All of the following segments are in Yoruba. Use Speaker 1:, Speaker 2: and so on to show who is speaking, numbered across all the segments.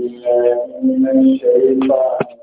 Speaker 1: بالله من الشيطان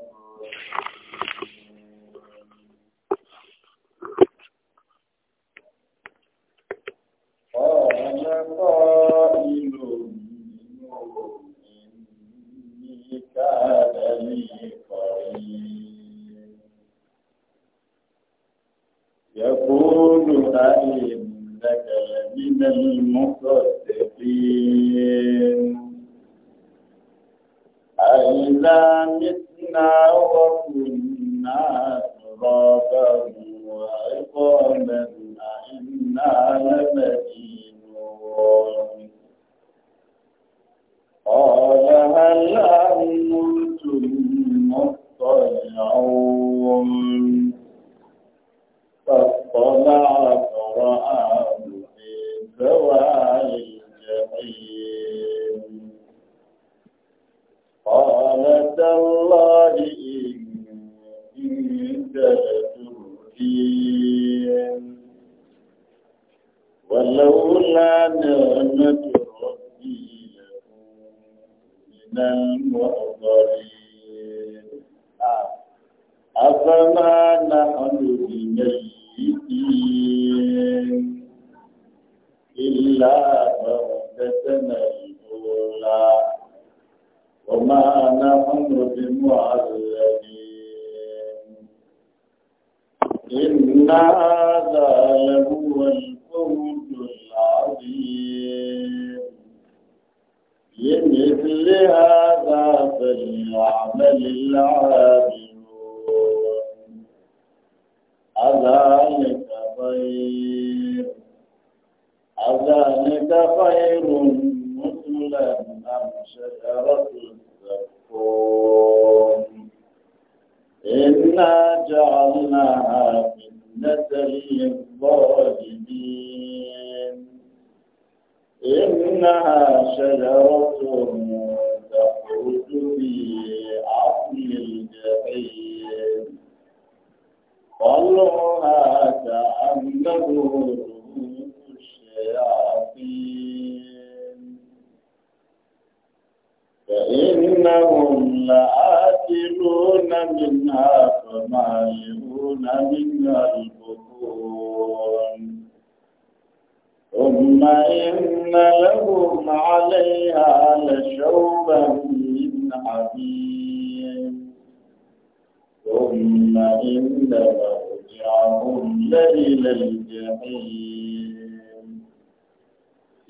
Speaker 1: إن مرجعهم لإلى الجحيم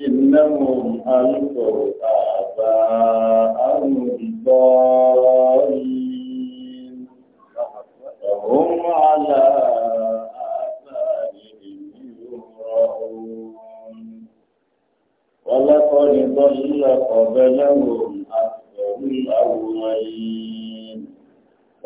Speaker 1: إنهم ألقوا آباءهم ضالين فهم على آثارهم ولقد ضل قبلهم أكثر الأولين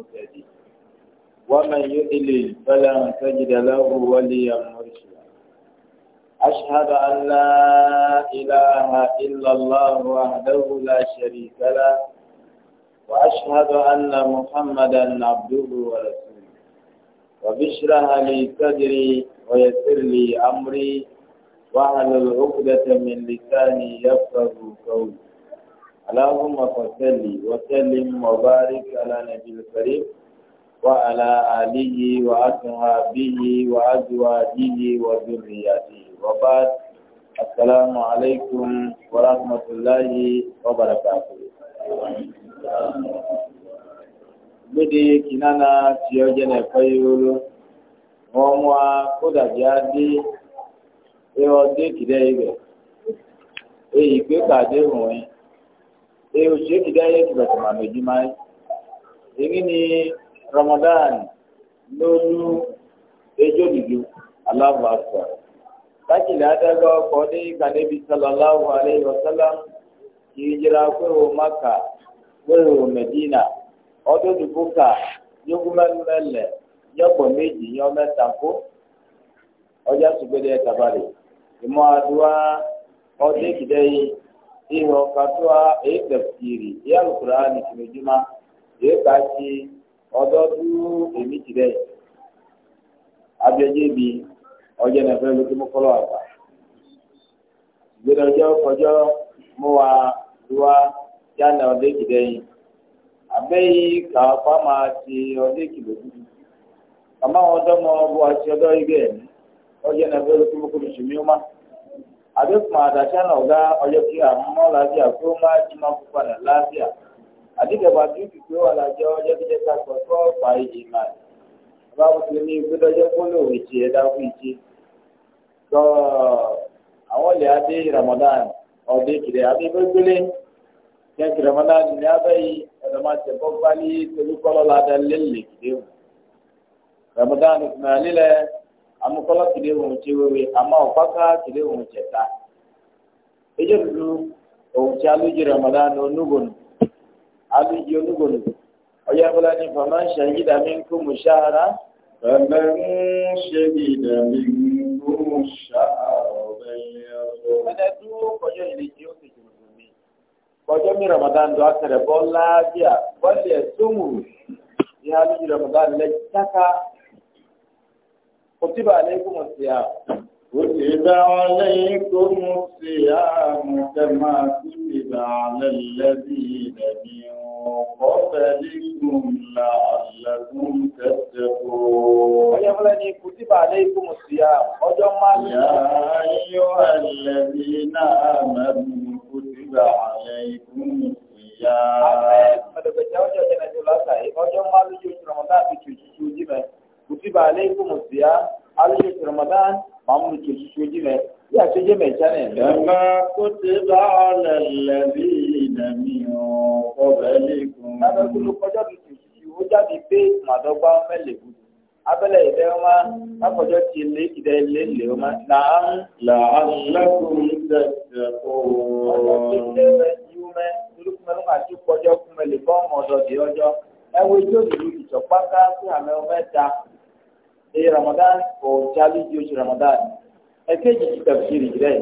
Speaker 1: المهتدي ومن يضلل فلا تجد له وليا مرشدا أشهد أن لا إله إلا الله وحده لا شريك له وأشهد أن محمدا عبده ورسوله وبشرها لي صدري ويسر لي أمري وعلى العقدة من لساني يفقه قولي اللهم صل وسلم وبارك على نبي الكريم وعلى آله وأصحابه وأزواجه وذرياته وبعد السلام عليكم ورحمة الله وبركاته gbede kinana tí ó jẹ́ nẹ̀kọ́ yòòrò wọn mú a kó dàbí á dé pé ọ dé kìlẹ̀ ibẹ̀ èyí pé kàdé wọ̀nyí e oṣù kìdáyé tìbẹ̀tì màmì ìdímáyé èyí ni ramadan lólu ejò dìdú aláwọ àgbà lákìlẹ̀ adágọ́ ọkọ̀ ní Sallallahu sàlọ́láhù aleyhi wasalam kì í jẹra pẹ́wò maka pẹ́wò medina ọdún dìbò ká yókùmẹ́lẹ́lẹ̀ yọ̀pọ̀ méjì yọ mẹ́ta kó ọjà sùgbẹ́dẹ́ tabalẹ̀ ìmọ̀ àdúrà ọdún kìdáyé iho katoa e tafsiri e alqur'ani kimejuma e kachi ododu emi tire abeje bi oje na fẹ́ lókè mọ́kọ́lọ́ àgbà gbẹdọ̀ ọjọ́ kọjọ́ mo wà lùwà yánà ọdẹ́ kìdẹ́ yìí àbẹ́yìí kà ọ́pá máa ti ọdẹ́ kìlọ̀ dúdú àmọ́ àwọn ọ̀dọ́mọ bu àti ọ̀dọ́ ibẹ̀ na fẹ́ lókè mọ́kọ́lọ́ ṣùgbọ́n àbí kuma àdàṣà náà ọ̀gá ọjọ́ kí àmọ́ làbíà kí ó má jí máa púpà náà làbíà àdìgbàgbà tí kì pé wà lájọ ọjọ́ kí jẹ́ ká sọ tó ọ̀pá ìjì máa ní. bá wọ́n ti ní gbẹ́dọ́jọ́ kóló ìjì ẹ̀dá fún ìjì. sọ àwọn ilẹ̀ adé ramadan ọ̀dẹ kìlẹ̀ adé gbégbélé kẹ́kì ramadan ní abẹ́yí ọ̀dọ̀ máa tẹ̀ bọ́ gbálí torí kọ́lọ́ ládàá lélẹ̀ kìlẹ̀ ramadan kùnà lílẹ̀ amukɔlɔ le ohun tse wewe ama ɔkpaka kele wɔn tse ta edze dudu ohun tse aludzi ramadan onugonu aludzi onugonu ɔya fɔlɔ ni fama sɛyi dami mu sahara. فمن شهد منكم الشهر فليصم. أنا أقول كجو اللي جيو mi ramadan do laabia ramadan kutiba aleikum siyam. kutiba aleikum siyam kama kutiba alallazina min qablikum la'allakum tattaqun. ọjọ́ fúnlẹ̀ ni kutiba aleikum siyam ọjọ́ máa ń lọ. yàáyọ̀ alallazina amanu kutiba aleikum siyam. àmín mẹ̀lẹ́gbẹ̀jẹ̀ ọjọ́ jẹ́ mẹ́tò lọ́sàá ọjọ́ máa lójú ìṣòro ọmọdé àti ìṣòjú ìṣòjú mẹ́ kutiba alaykum siyam alif ramadan mamu ke soji ne ya ce je mai tane da ma kutiba alal ladina min qablikum kada kullu qajar ti o ja bi pe madogba mele gudu abele ide ma akojo ti le ide le le ma na la allakum tattaqun o ti le be yume duru kuma ma ti kojo kuma le bo mo do di ojo ewe jo di ìjọpá ká sí àmì ọmọ ẹta ní ramadan kò jáde di oṣù ramadan ẹ̀kejì ti tafsiri rẹ̀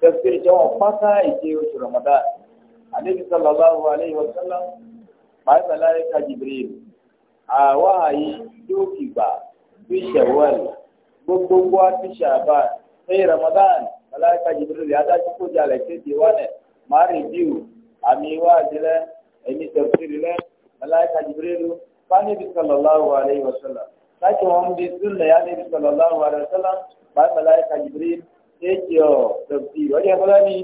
Speaker 1: tafsiri jẹ́ wọn pátá ìdí oṣù ramadan anabi sallallahu alayhi wa sallam báyìí sàlàyé ka jibril àwa àyè yóò fi gbà fi shawwal gbogbo wa fi ṣàbà ní ramadan sàlàyé ka jibril adájú kó jalè kéde wa nẹ máa rìn bíu àmì wa àdìrẹ ẹni tafsiri rẹ̀ sàlàyé ka jibril fani bi sallallahu alayhi wa sallam. láti هم bí sunna ya níbi sallallahu alaihi wasallam bá malaika jibril ṣe kí ọ dọ̀bí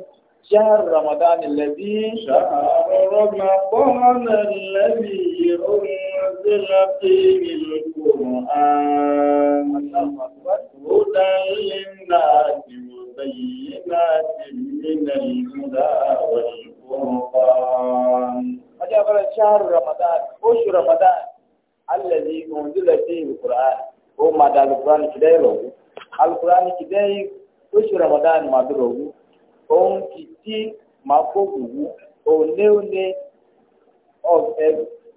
Speaker 1: شهر رمضان الذي شهر رمضان الذي أنزل فيه القرآن هدى للناس وبينات من الهدى والفرقان. هذا شهر رمضان، وش رمضان؟ alẹ́lẹ́ òǹdílẹ̀ sí ìlùkùrán ó máa da alukuran kìdẹ́ ìrọ̀wú alukuran kìdẹ́ oṣù ramadan máa dúró wú òun kì í tí máa kó gbùgbù ònéwné ọ̀fẹ́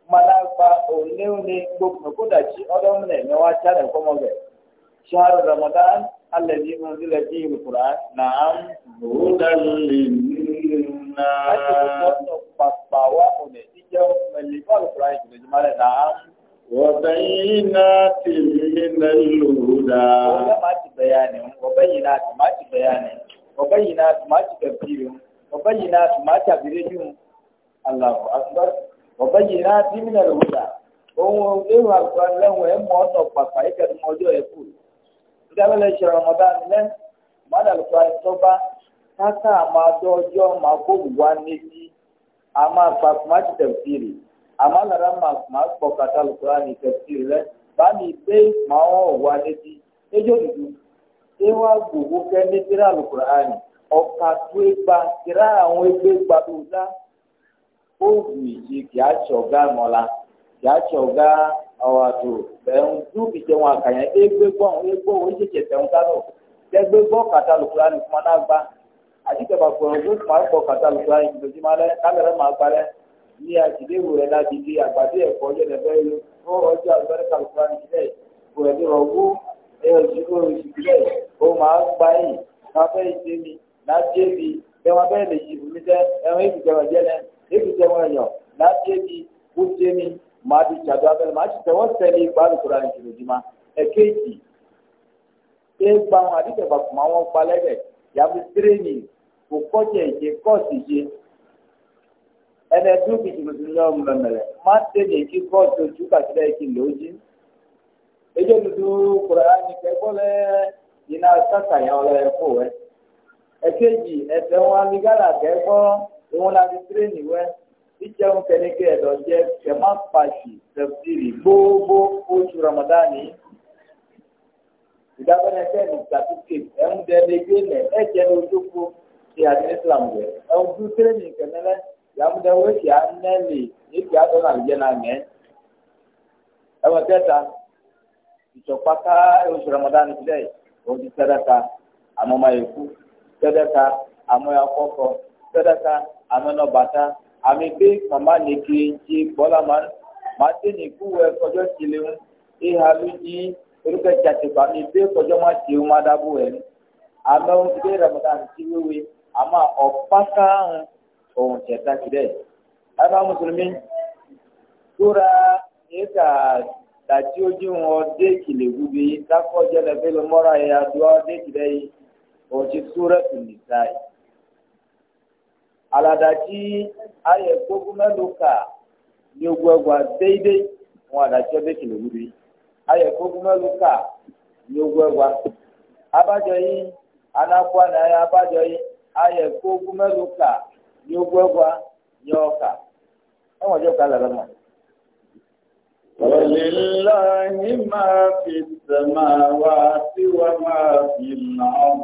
Speaker 1: mmanagba ònéwné gbogbo kódà tí ọlọ́mìnà ẹ̀mẹ́wá sáré kọ́mọ́gẹ̀ sáré ramadan alẹ́lẹ́ òǹdílẹ̀ sí ìlùkùrán náà ń lò ó dálé nínú. láti ọ̀pọ̀ pàpà wà ònà ìjẹun mẹ́lẹ́fọ́ alukuran kìdẹ́ jùmọ́ rẹ̀ ń وبينات من الهدى ما تبياني وبينات ما تبياني وبينات ما تكفير وبينات ما تبريهم الله أكبر وبينات من الهدى ohun ewu àgbọn lẹ́wọ̀n ẹ̀ mọ́ ọ̀nà pàpà yìí kẹ́tù mọ́jọ́ ẹ̀ kù ìdáwọ́lẹ̀ ṣe ramadan lẹ́ amalara ma gbọ́ kata lukura ni tẹsiri rẹ bami gbé màá wà létí ejò dudu ewa gbogbo kẹ ní tírà lukura ni ọkà tó egba tírà àwọn egbe gbàdúrà ó wù ìjì kì á tsọ gá mọ́la kì á tsọ gá ọwọ́ àtò bẹ́ẹ̀ ńdú ìjẹ wọn àkànyẹ egbe gbọ́ egbe wo ìjẹjẹ tẹ̀ ń kánò tẹgbẹ gbọ́ kata lukura ni kuma náà gbá àti tẹ̀ bàtọ̀ ọ̀gbọ́n ní àtìléwò rẹ láti di àgbàdo ẹ̀kọ́ yẹlẹ̀ fẹ́ yọ fún ọjọ́ àgbẹ̀rẹ̀ kàlùkà nílẹ̀ kò ẹ̀dí ọgbó ẹ̀yọ sí oṣù sílẹ̀ ó máa ń pa yìí máa fẹ́ ṣe mi láti ẹ̀bi ẹ̀ wọn bẹ́ẹ̀ lè ṣì fún mi tẹ́ ẹ̀wọ̀n èkìtẹ́ wọn jẹ́lẹ̀ èkìtẹ́ wọn yàn láti ẹ̀bi kó ṣe mi máa ti ṣàdó abẹ́rẹ́ máa ti tẹ̀wọ́ tẹ̀lé ìbálòkúra nìkìlò dì máa ẹ̀kẹ́jì ẹnẹ tó kìtìkìtì lọ mẹmẹrẹ má tẹlẹ kí kóòtù ojú kàtìlẹ kí lóòjì ẹjọ tuntun kura ni kẹkọọlẹ yìnyínna sàkàyà ọlẹ kó wẹ ẹkẹjì ẹsẹ wọn aligala kẹkọ ìwọn la ti tirẹni wẹ ìjẹun kẹnikẹ ẹdọjẹ kẹmá pàṣì tẹfìrì gbogbo oṣù ramadani yàmúdẹ wo ti anẹlì ètò àtọ náà jẹ náà mẹ ẹwọn kẹta ìtọpáká oṣù ramadan ti dẹ o ti sẹdẹka àmọmọ èkú sẹdẹka àmọyà kọkọ sẹdẹka àmọnà bàtà àmì bí màmá nìkì ti bọlá máa máa kọjọ tìlẹ ń ìhà lójì orúkọ má ohun ṣẹta síbẹ̀ àbá mùsùlùmí tóra èka tàtí ojú wọn dé ìkìlẹ̀ wúbi kákọ́ jẹlẹ̀ fẹ́lẹ̀ mọ́ra yẹ adúlọ́ dé ìkìlẹ̀ yìí ohun ti tóra tù nìta yìí aladaji ayẹ gbogbo ní ogun ẹgbà déédé wọn àdàtí ọdẹ ìkìlẹ̀ wúbi ayẹ gbogbo ní ogun abájọ yìí abájọ yìí gbogbo yọgbẹgba yọọka ẹwọn ọjọ kan lọrọ mọ. ولله ما في السماوات وما في الأرض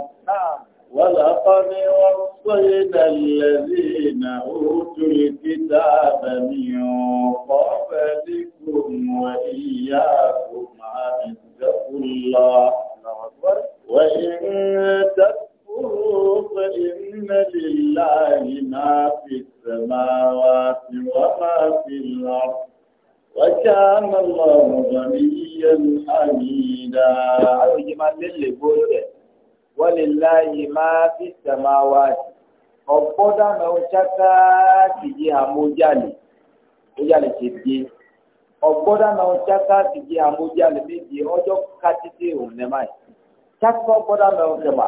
Speaker 1: ولقد وصينا الذين أوتوا الكتاب من قبلكم وإياكم أن اتقوا الله وإن تتقوا فإن لله ما في السماوات وما في الأرض وكان الله غنيا حميدا أرجما للبوت ولله ما في السماوات ọgbọdọ náà ń ṣáká tìjì àmójálè mójálè ṣe dé òun nẹmáì ṣáká ọgbọdọ náà ń ṣẹmà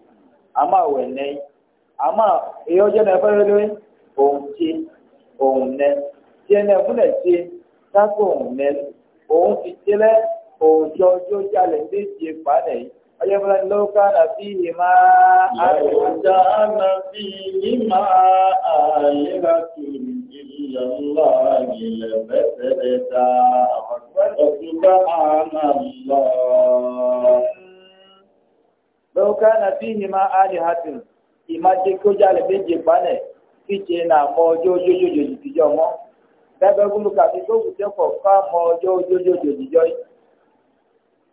Speaker 1: ama wɛ nɛ ama eyi ɔdze nɛ ɛfɛ lɛ ohun tse ohun nɛ tse nɛ fún nɛ tse kakó ohun nɛ ohun ti tse lɛ ohun tse ɔdzo tse alɛ ndé tse kpa nɛ yi ɔdze fún nɛ lɛ ká na fi yi ma alɛ ká na fi yi ma alɛ ká tu ìyàlá ìlẹ bẹsẹ bẹ ta ọtúbà àná lọ. lọ́wọ́ ká na fi hìmá alihatin ìmájẹ kí jáde méje gbalẹ̀ kí ṣe na mọ ọjọ́ ojoojojò ìdíjọ́ mọ́ bẹ́ẹ̀ gbúlù kàfi tó kù sẹ́kọ̀ ká mọ ọjọ́ ojoojojò ìdíjọ́ yìí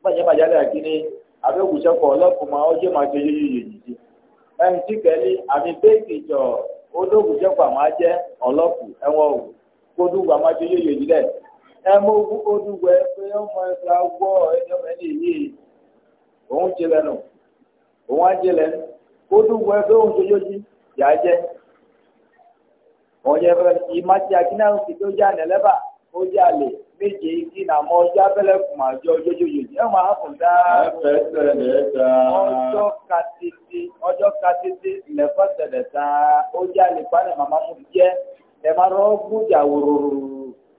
Speaker 1: gbọ̀nyẹ́ màjálè àkíní àbẹ́kù sẹ́kọ̀ ọlọ́kùnmọ́ ọjọ́ màjọ ojoojojò ìdíjọ́ ẹni tí kẹ́lí àmì bẹ́ẹ̀kì jọ olóògùn sẹ́kọ̀ àmọ́ ajẹ́ ẹ òun ti òun á jẹ lẹ kó dùn wọ ẹgbẹ òun sojoojú yàá jẹ òun yẹ fẹ ìmá ti akínárùn ti tó jẹ ànẹlẹbà ó jẹ àlè méje igi nà mọ ọjọ abẹlẹ kùmà jọ ojoojúmọ ẹ máa fún dáa. ẹfẹsẹlẹ dáa. ọjọ katiti ọjọ katiti lẹfọsẹlẹ dáa ó jẹ àlè panẹ màmá mú jẹ ẹ máa rọ gbúdà wòròrò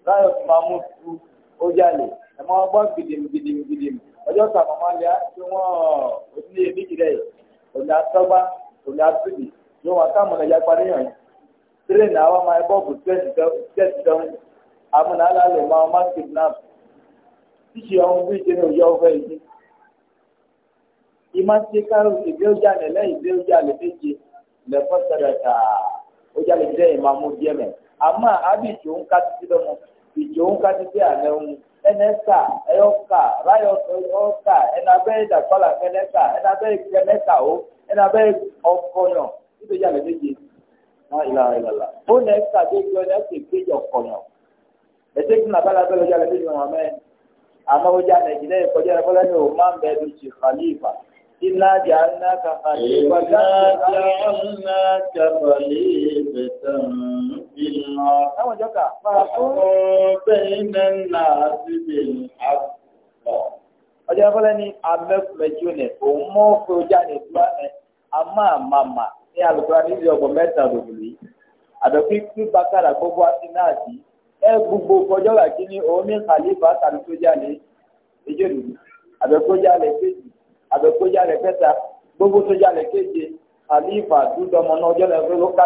Speaker 1: láyọ tó mú tu ó jẹ àlè ẹ máa gbọ gidim ọjọ́ ta màmá lẹ́yà tí wọ́n òdílé méjì rẹ̀ òní atọ́gbá òní atúbì yóò wá yìí tírẹ̀nì àwọn alálẹ̀ ní òye ọ̀fẹ́ yìí. ìmá ṣe ìgbé ọjà nílẹ̀ ìgbé ọjà lè méje lẹ́fọ́ sẹ̀rẹ̀ tà ọjà lè dẹ́ ìmàmú díẹ̀ mẹ́ àmọ́ àbí ìṣòwò ká títí lọ́mọ ìṣòwò ká títí ẹnẹka ẹyọka rayọ ọka ẹnabẹ ìdàkọlà kẹnẹka ẹnabẹ kẹnẹka o ẹnabẹ ọkọnyọ níbi ìyá lè méje náà ìlànà ìlànà ó nẹka tó gbé ọnà ẹsẹ kéjì ọkọnyọ ẹsẹ kí nàbà làbẹ lọjà lè méje wọn mẹ amáwójà nàìjíríà ìkọjá rẹ fọlẹ ní o máa ń bẹ ẹnu sí khalifa. إنا جعلناك خليفة إنا جعلناك خليفة Àwọn ìjọka máa kó bẹ́ẹ̀nà náà síbi àpọ̀. Ọjọ́ ìfọ́lẹ́ ni amẹ́kùnmẹ́jú nẹ̀, òun mọ́ fún ojá ní ìdúrà nẹ̀, a máa máa mà ní alùpùpù ní ìlú ọgbọ̀n mẹ́ta lòlù yìí. Àdọ̀kí pí bákàrà gbogbo àti náà sí. Ẹ gbogbo ọjọ́ làkí ní omi kàlífà tàbí tó jáde ìjọ lòlù. Àdọ̀kó jáde kéjì, àdọ̀kó jáde kẹta, gbogbo tó jáde kéje, kàlífà dúdọmọ náà ọjọ́ lẹ́gbẹ̀ẹ́ ló ká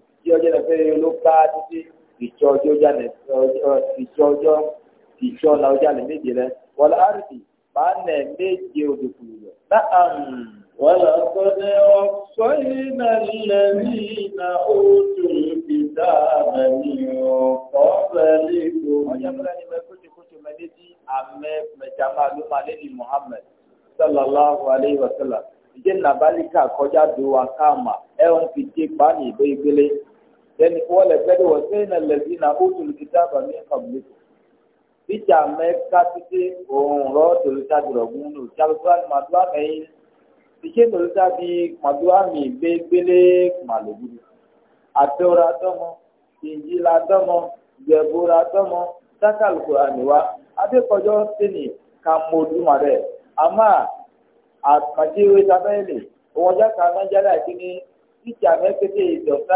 Speaker 1: tí ọjọ́ náà fẹ́ ló bá títí ìjọ ọjọ́ jáde ìjọ ọjọ́ ìjọ ọ̀la ọjọ́ àlẹ́ méje rẹ wọlé àrùbí bá nẹ̀ méje òdòkù rẹ̀ náà. ولقد وصينا الذين أوتوا الكتاب من قبلكم صلى الله عليه وسلم ìjẹ́ nàbálíkà kọjá do wa káàmà ẹ̀ ń fi dé pa ní ìgbé ìgbélé yẹni wọ́n lè fẹ́ wọ́n sẹ́yìn náà lẹ́bí náà ó tòlù kíta bàmí ẹ̀kọ́mùlẹ́kọ̀ bíjà mẹ́ka títí òun rọ́ tòlù tá dùrọ̀ gún nù sàlùkúrà ni màdúrà mẹ́yìn tìṣe tòlù tá di màdúrà mi gbégbélé màlúù àtẹ́wòrà tọ́mọ ìjìlá tọ́mọ gbẹ̀bùrà tọ́mọ sákàlùkúrà níwá adékọjọ́ sẹ́ni ka mọ̀ọ́dúnmọ̀ rẹ̀ àmà àtàkìwé tabẹ́ẹ̀lì òwòjá kan náà jáde àti ní bíjà mẹ́kẹ́tẹ́ ìdọ̀tà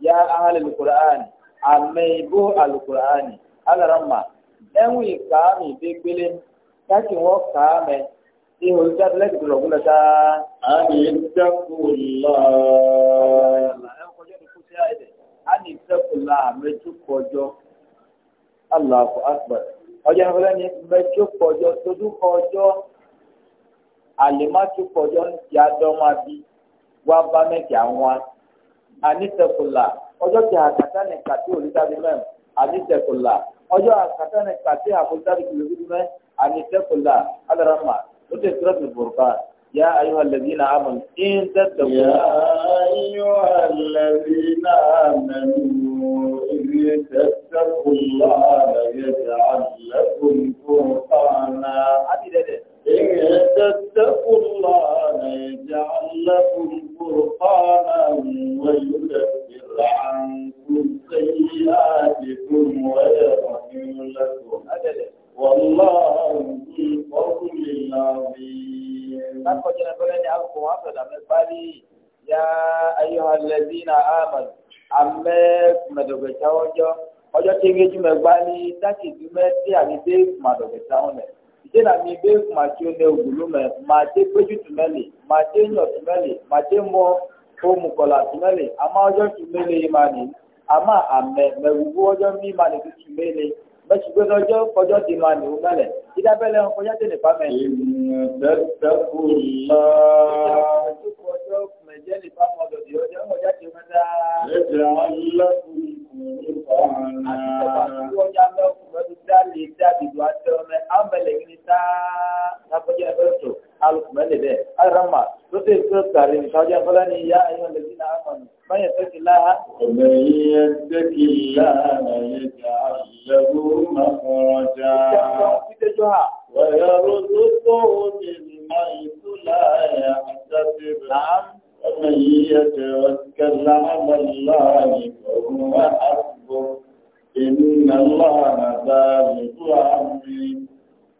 Speaker 1: ya ahalil qur'an ameibo alqur'an alarama enwi kaami begbele kaki wo kaame ti holta blek dulo gula ta ani takullah ani takullah meju kojo allahu akbar ni mẹ́tí pọ̀jọ́ tójú kọjọ́ àlèmá tó pọ̀jọ́ wa. anisẹkula ọjọ tí àkàtà ní kàtí olùdarí mẹ anisẹkula ọjọ àkàtà ní kàtí kìlọ kìlógún mẹ anisẹkula alarama ó ti tura mi burúkà. يا أيها الذين آمنوا إن تتقوا يا أيها الذين آمنوا إن تتقوا الله يجعل لكم فرقانا lọaugoaụchala na akụkụ nwateda i yaụaldia aa amedoeha ọjọjọọch ga eji mgbali taki dubetiagide ma dobea ụlea ìdí náà mi bẹ́ẹ̀ kò máa tí ó ní ògùlù mẹ́ máa tí péjú tù mẹ́lì máa tí yàn tù mẹ́lì máa tí mọ ohun kọ̀là tù mẹ́lì àmọ́ ọjọ́ tù mẹ́lẹ̀ yìí máa nì àmọ́ àmẹ́ mẹ́wùú ọjọ́ mí máa nì tù mẹ́lẹ̀ mẹ́tù gbé lọ́jọ́ kọjọ́ ti máa nì ó mẹ́lẹ̀ ìdábẹ́lẹ̀ ń kọjá tẹ̀lé pàmẹ́. ìmọ̀ alrama to te ko kare ni kaje fala ni ya ayyuhal ladina amanu man yattaki laha man yattaki laha yaj'al lahu makhraja kite joha wa ومن يتوكل على الله فهو حسبه إن الله بالغ أمري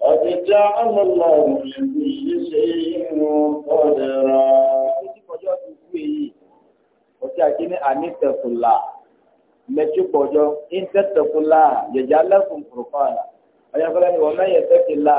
Speaker 1: قد جعل الله لكل شيء قدرا Ọjọ́ ajé ní ànítẹ̀kùlá mẹ́tíkọ̀ọ́jọ́, ìntẹ̀tẹ̀kùlá, yẹ̀jálẹ̀kùn kùrùkọ́ọ̀nà. Ọjọ́ fẹ́lẹ́ ni wọ́n mẹ́yẹ̀ tẹ́kìlá,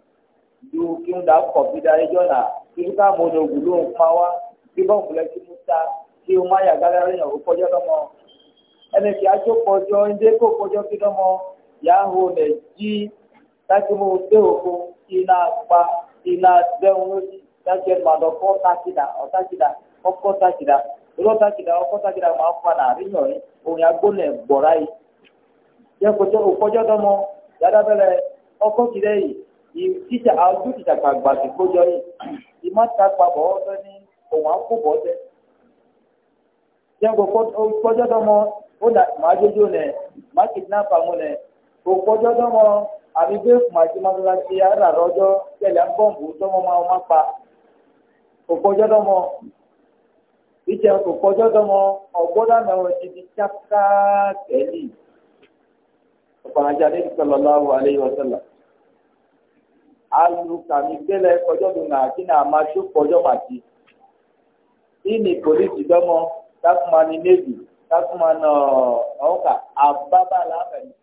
Speaker 1: ju kí ń da kọ̀ bí da ẹjọ́ náà kí ń ká mo ní ògùn ló ń pa wá kí bọ́ọ̀ bùlẹ̀ kí mo ta kí mo má yà gálẹ́ rẹ̀ yàn ó kọjọ́ lọ́mọ ẹni kì í ajó kọjọ́ ń kó kọjọ́ kí lọ́mọ jí láti mo dé pa dẹ́hùn láti kọ́ tákìdá tákìdá tákìdá máa títà àjò títàkà gbàgbé kójọ yìí ìmọ̀ta papọ̀ ọ̀dọ́ ní òun àkóbọ̀ ọ̀dẹ́. Jẹ́ngo kọjọ́ dọ́mọ ó dà máa jójó nẹ̀ máa kìdínàpà mú nẹ̀ kò kọjọ́ dọ́mọ àbí gbé màjí mọ́tòláṣí ara rọ́jọ́ tẹ̀lé bọ́ǹbù tọ́mọ máa ma pa. Kò kọjọ́ dọ́mọ ìjẹun kò kọjọ́ dọ́mọ ọ̀gbọ́dọ̀ mẹ́wọ̀n ti di ṣáká tẹ̀lé. Ọ̀pọ̀ àjálẹ́ ìsọ̀lọ́lá alu kami gbẹlẹ kọjọ do na kí na ma tso kọjọ ma ti ini polisi dọmọ takuma ni nevi takuma nọ ọka ababa la fẹmi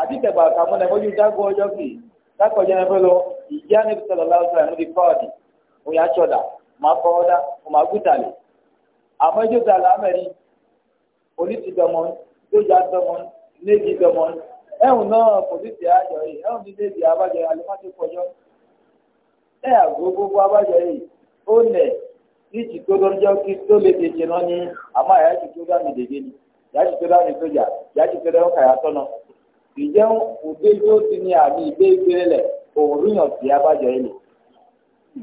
Speaker 1: àti tẹgbà kàmú nà mọdún dágbọ ọjọ kì dákọjọ nà fẹlẹ ìyá níbi sọlọ lọsọ ẹnu di kọọdì òyà tsọdà má kọọdà òmà gúdàlè àmọjọ dàlà amẹri polisi dọmọ dójà dọmọ nevi dọmọ. ẹ̀hùn náà kò ní ti àjọ yìí ẹ̀hùn ní débi abájọ alimọ́tò ẹ̀ gbogbo abájọ yìí ó lẹ̀ ní ti tó lọ́jọ́ kí tó lè dèjì náà ní àmọ́ àyà ti tó ni ìyá ti tó dámì sójà ìyá ti tó dámì kàyà tọ́nà ìjẹun òde yóò ti ní àmì ìgbé ìgbélé lẹ̀ òun ríyàn abájọ yìí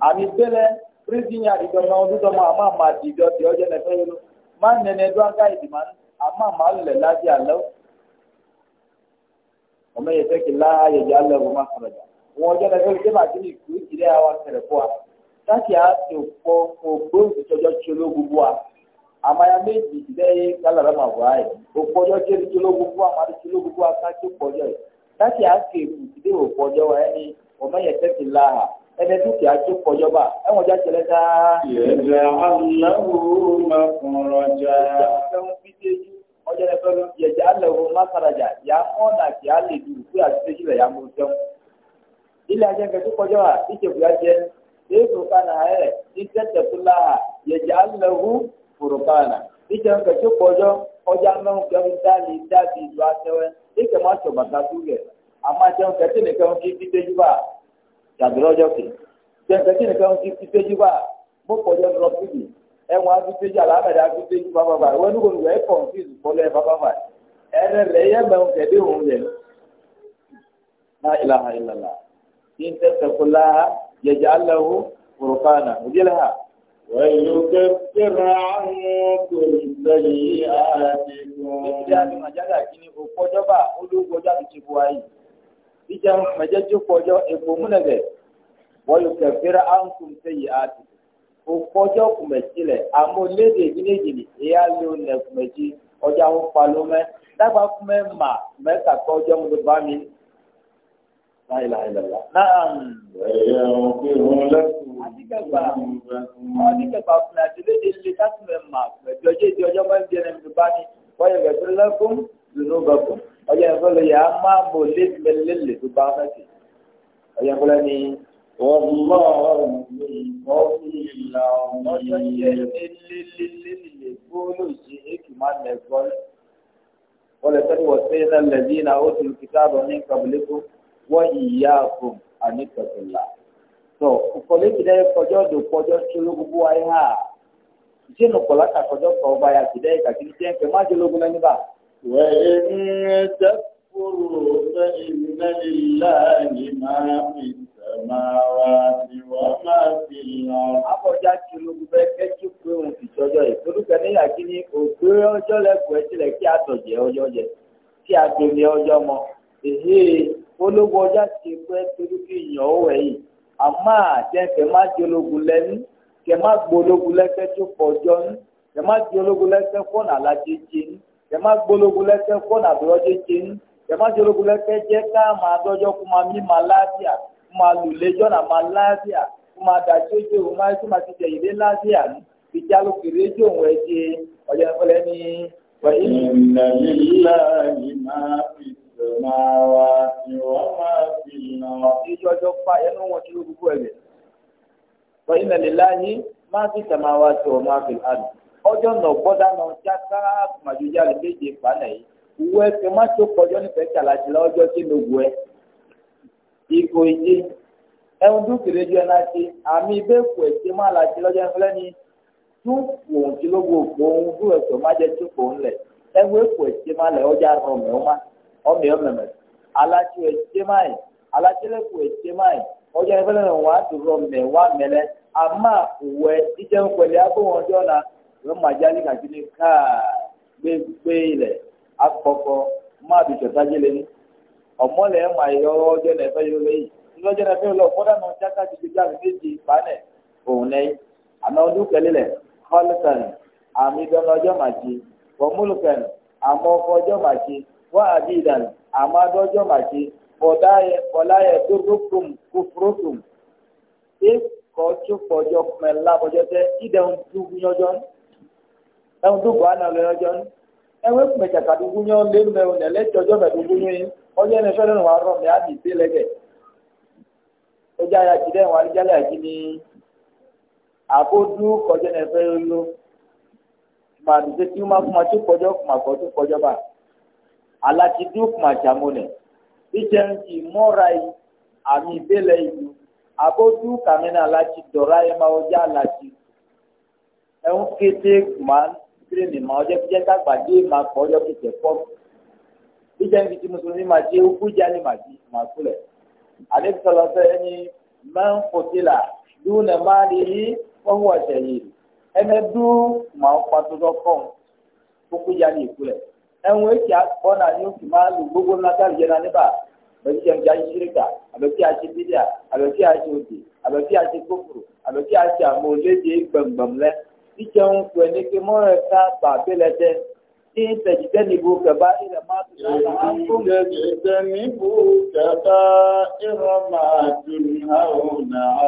Speaker 1: àmì ìgbélé àmọ́ ti ọjọ́ nẹfẹ́ ومن يتق الله يجعل له مخرجا وجد غير جمع تني كوي كده او ترفوا تاكي اتو فو فو تجو تشلو غبوا اما يا ميجي كده قال رما واي وفوجو تشلو غبوا ما تشلو غبوا تاكي فوجو تاكي اتو كده وفوجو يعني ومن يتق الله ẹni dúkìá tó kọjọba ẹwọn já tẹlẹ dáa. yẹlẹ aláwo máa kọrọ já. ìjà fẹ́ràn fídíò ọjọ́ ẹ̀fọ́ ló yẹ jẹ́ alẹ́ wo mọ́sárajà yà mọ́ nà kí á lè dùn fún àtúnṣe rẹ̀ yà mọ́ jẹun. ilé ajẹ́kẹ́ tó kọjọ́ wa ìṣègùn yà jẹ́ èèfò kan àárẹ̀ ní tẹ́tẹ̀ tó láà yẹ jẹ́ alẹ́ wo fòròkànà ìjẹun kẹ̀tọ́ kọjọ́ ọjà mẹ́rin kẹrin dáàlì dáàbì ìlú atẹ́wẹ́ ìkẹ́ máa tọ̀ bàtà súrẹ̀ àmọ́ jẹun kẹtí nìkan nìkan kí ẹ̀wọ̀n akuteju alamẹ̀dẹ akuteju bàbàbà wọn ní wọn wẹ̀ kọ̀ǹfìsì kọ́lẹ̀ bàbàbà ẹ̀rẹ̀ rẹ̀ yẹ mẹ́wọ̀n kẹ̀dé òun yẹn náà ìlànà ìlànà yìí ń tẹ̀sẹ̀ kó láha ha. kí ni bá ti bu ayé ìjà mẹjẹ jókòó ọjọ́ èkó múnẹ̀gẹ̀ wọ́n òkpɔdzɔ kumɛtsi lɛ amewo lé ɖevi ɖe dzili eya lé wo le kumɛtsi ɔdza wo kpa lo mɛ dagba kumɛ ma mɛ kakɔ ɔdzɔ mo do ba mi láyé láyé lọ́la. ẹ̀yẹ òkè òun lẹ́kùn. àdìgbàgbà àdìgbàgbà fún àdìlédè lè sásùnmẹ̀ mà pẹ̀lú ọjọ́ ìdí ọjọ́ máa ń di ẹni mi bá ní wáyé gbẹ̀gbẹ̀ lẹ́kùn lùnú ni. والله من فضل العظيم ولقد وصينا الذين اوتوا الكتاب من قبلكم واياكم ان اتقوا الله so ukọlẹ kìdẹ kọjọ do kọjọ tsolo gbogbo ayi hã ìṣẹnu kọlá ka kọjọ kọ ọba ya kìdẹ kàkiri jẹ nkẹ má jẹ lógun lẹni bá. wẹ́ẹ́ ń dẹ́kun rò fẹ́ ìmúlẹ́ni láàyè máa ń fi السماوات وما في الأرض Abọ̀já ti ológun bẹ́ẹ̀ kẹ́jú pé òun ti jọjọ́ yìí. Torúkẹ́ níyà kí ni òpé ọjọ́ lẹ́kọ̀ọ́ ẹ̀sílẹ̀ kí àtọ̀jẹ́ ọjọ́ jẹ, kí àgbèmí ọjọ́ mọ. Èhé ológun ọjà ti pẹ́ torúkẹ́ ìyàn ó wẹ̀ yìí. Àmọ́ àjẹkẹ̀ má di ológun lẹ́nu, kẹ̀ má gbológun lẹ́kẹ́ tó pọ̀jọ́ ní, kẹ̀ má di ológun lẹ́kẹ́ fọ́nà alájẹjẹ ní, kẹ̀ má gbológun lẹ́kẹ́ fọ́nà àbúrọ̀jẹjẹ ní, kẹ̀ má di ológun lẹ́kẹ́ jẹ́ ká máa dọ́jọ́ kó máa mí máa kuma lule jɔna ma lafiya kuma da tsojo ma kuma ti tɛ yile lafiya nu ìjalo kiri jo ŋu ɛdze ɔlɛ ɔlɛ ni. inna lillahi ma fi samawati wa ma fi al-ardi. ìjọjọ pa ẹnu wọn tí ó dúró ẹ bẹ inna lillahi ma fi samawati wa ma fi al-ardi. ọjọ́ nà gbọ́dá nà jáká màdúdí àlùbẹ́jẹ fàánà yìí. ìwé ẹsẹ̀ má tó kọjọ́ nípa ẹ̀ka làjìlá ọjọ́ tí ló wù iko ije ẹun dúkìrì ju ẹna ti àmì ìbẹ́kù ẹ̀jẹ̀ máa la ti lọ́jọ́ ẹ̀fọ́ ni tún òun ti lógo òpó òun dún ẹ̀sọ́ má jẹ́ tó kòun lẹ̀ ẹ̀wọ́ ẹ̀kù ẹ̀jẹ̀ máa lẹ̀ ọjà rọ ọmọ ẹ̀mẹ̀ ẹ̀jẹ̀ máa yìí ẹ̀jẹ̀ máa yìí ọjà lẹ́nu wà á tó rọ mẹ́lẹ́ àmà jíjẹ́ ọmọlẹ ẹ máa yọ ọjọ nẹfẹ yọ lẹyìn nínú ọjọ nẹfẹ yọ lọ fọdà náà jáká ti fi jáde méjì ìpánẹ òun lẹyìn àmọ ọdún kẹlẹlẹ kọlùkẹn àmì ìdáná ọjọ màjì fọmúlùkẹn àmọ ọkọ ọjọ màjì wọn àbí ìdàn àmọ adó ọjọ màjì fọláyẹ dúrókùm kúfúrókùm ikọ̀ tsúpọ̀jọ mẹ́lá bọ́jọ́ tẹ ìdẹ̀hùn dúgbìyànjọ́ ẹ̀hùn ẹwẹ́ kùmẹ̀tsà kàdúgbò yẹn lé mẹ o nẹ̀lẹ́ tsọjọ́ mẹ dúgbò yẹn ọjọ́ yẹn fẹ́rẹ́ wà rọ mẹ àbí ìdè lẹ́gẹ̀ ọjọ́ ayé àti dẹ́wọ̀n alíjálẹ̀ àti ní àbódú kọjọ́ yẹn fẹ́ yọ màá dùdú tí wọ́n kùmà tó kọjọ́ kùmà kọ́ tó kọjọ́ bá aláti dú kùmà tsàmó nẹ̀ ìtsẹ̀ ń ti mọ́ra yìí àmì ìdè lẹ́ yìí àbódú kàmínà aláti dọ̀ra yẹn máa ọjọ́ aláti ẹ̀ ń kété kùmà kírémì ma ọjọ́ kíjẹ́ kágbà dé ma kọ́ ọjọ́ kíjẹ́ pọ́ kíjẹ́ níbi tí mùsùlùmí ma dé ogún jáde ma di ma kúlẹ̀ àdébí sọlọ sẹ ẹni máa ń fòtí là dúró nà má lè yí wọ́n wọ̀ ṣẹ̀ yìí ẹnẹ dúró ma ń pàtó dọ́kọ̀ọ́ ogún jáde ìkúlẹ̀ ẹ̀wọ̀n èkì akọ́ nà ní òkè má lù gbogbo nàkàlì yẹn nà níbà bẹ̀rẹ̀ tí a ń jẹ́ àṣírìkà àbẹ̀kí àṣẹ bídíà àbẹ̀kí àṣẹ òdì àbẹ̀kí àṣẹ kókòrò àbẹ̀kí àṣẹ àmọ́ léde gbẹ̀ngbẹ̀m lẹ́ ìjẹun pẹ̀lú kí mọ́rẹ̀ ká gbàgbé lẹ́tẹ̀ tí ń tẹ̀jìtẹ́ níbo kẹba ilẹ̀ máa tún náà kó. tẹ̀jìtẹ́ níbo kẹba ìrọ̀ máa dùn àwọn náà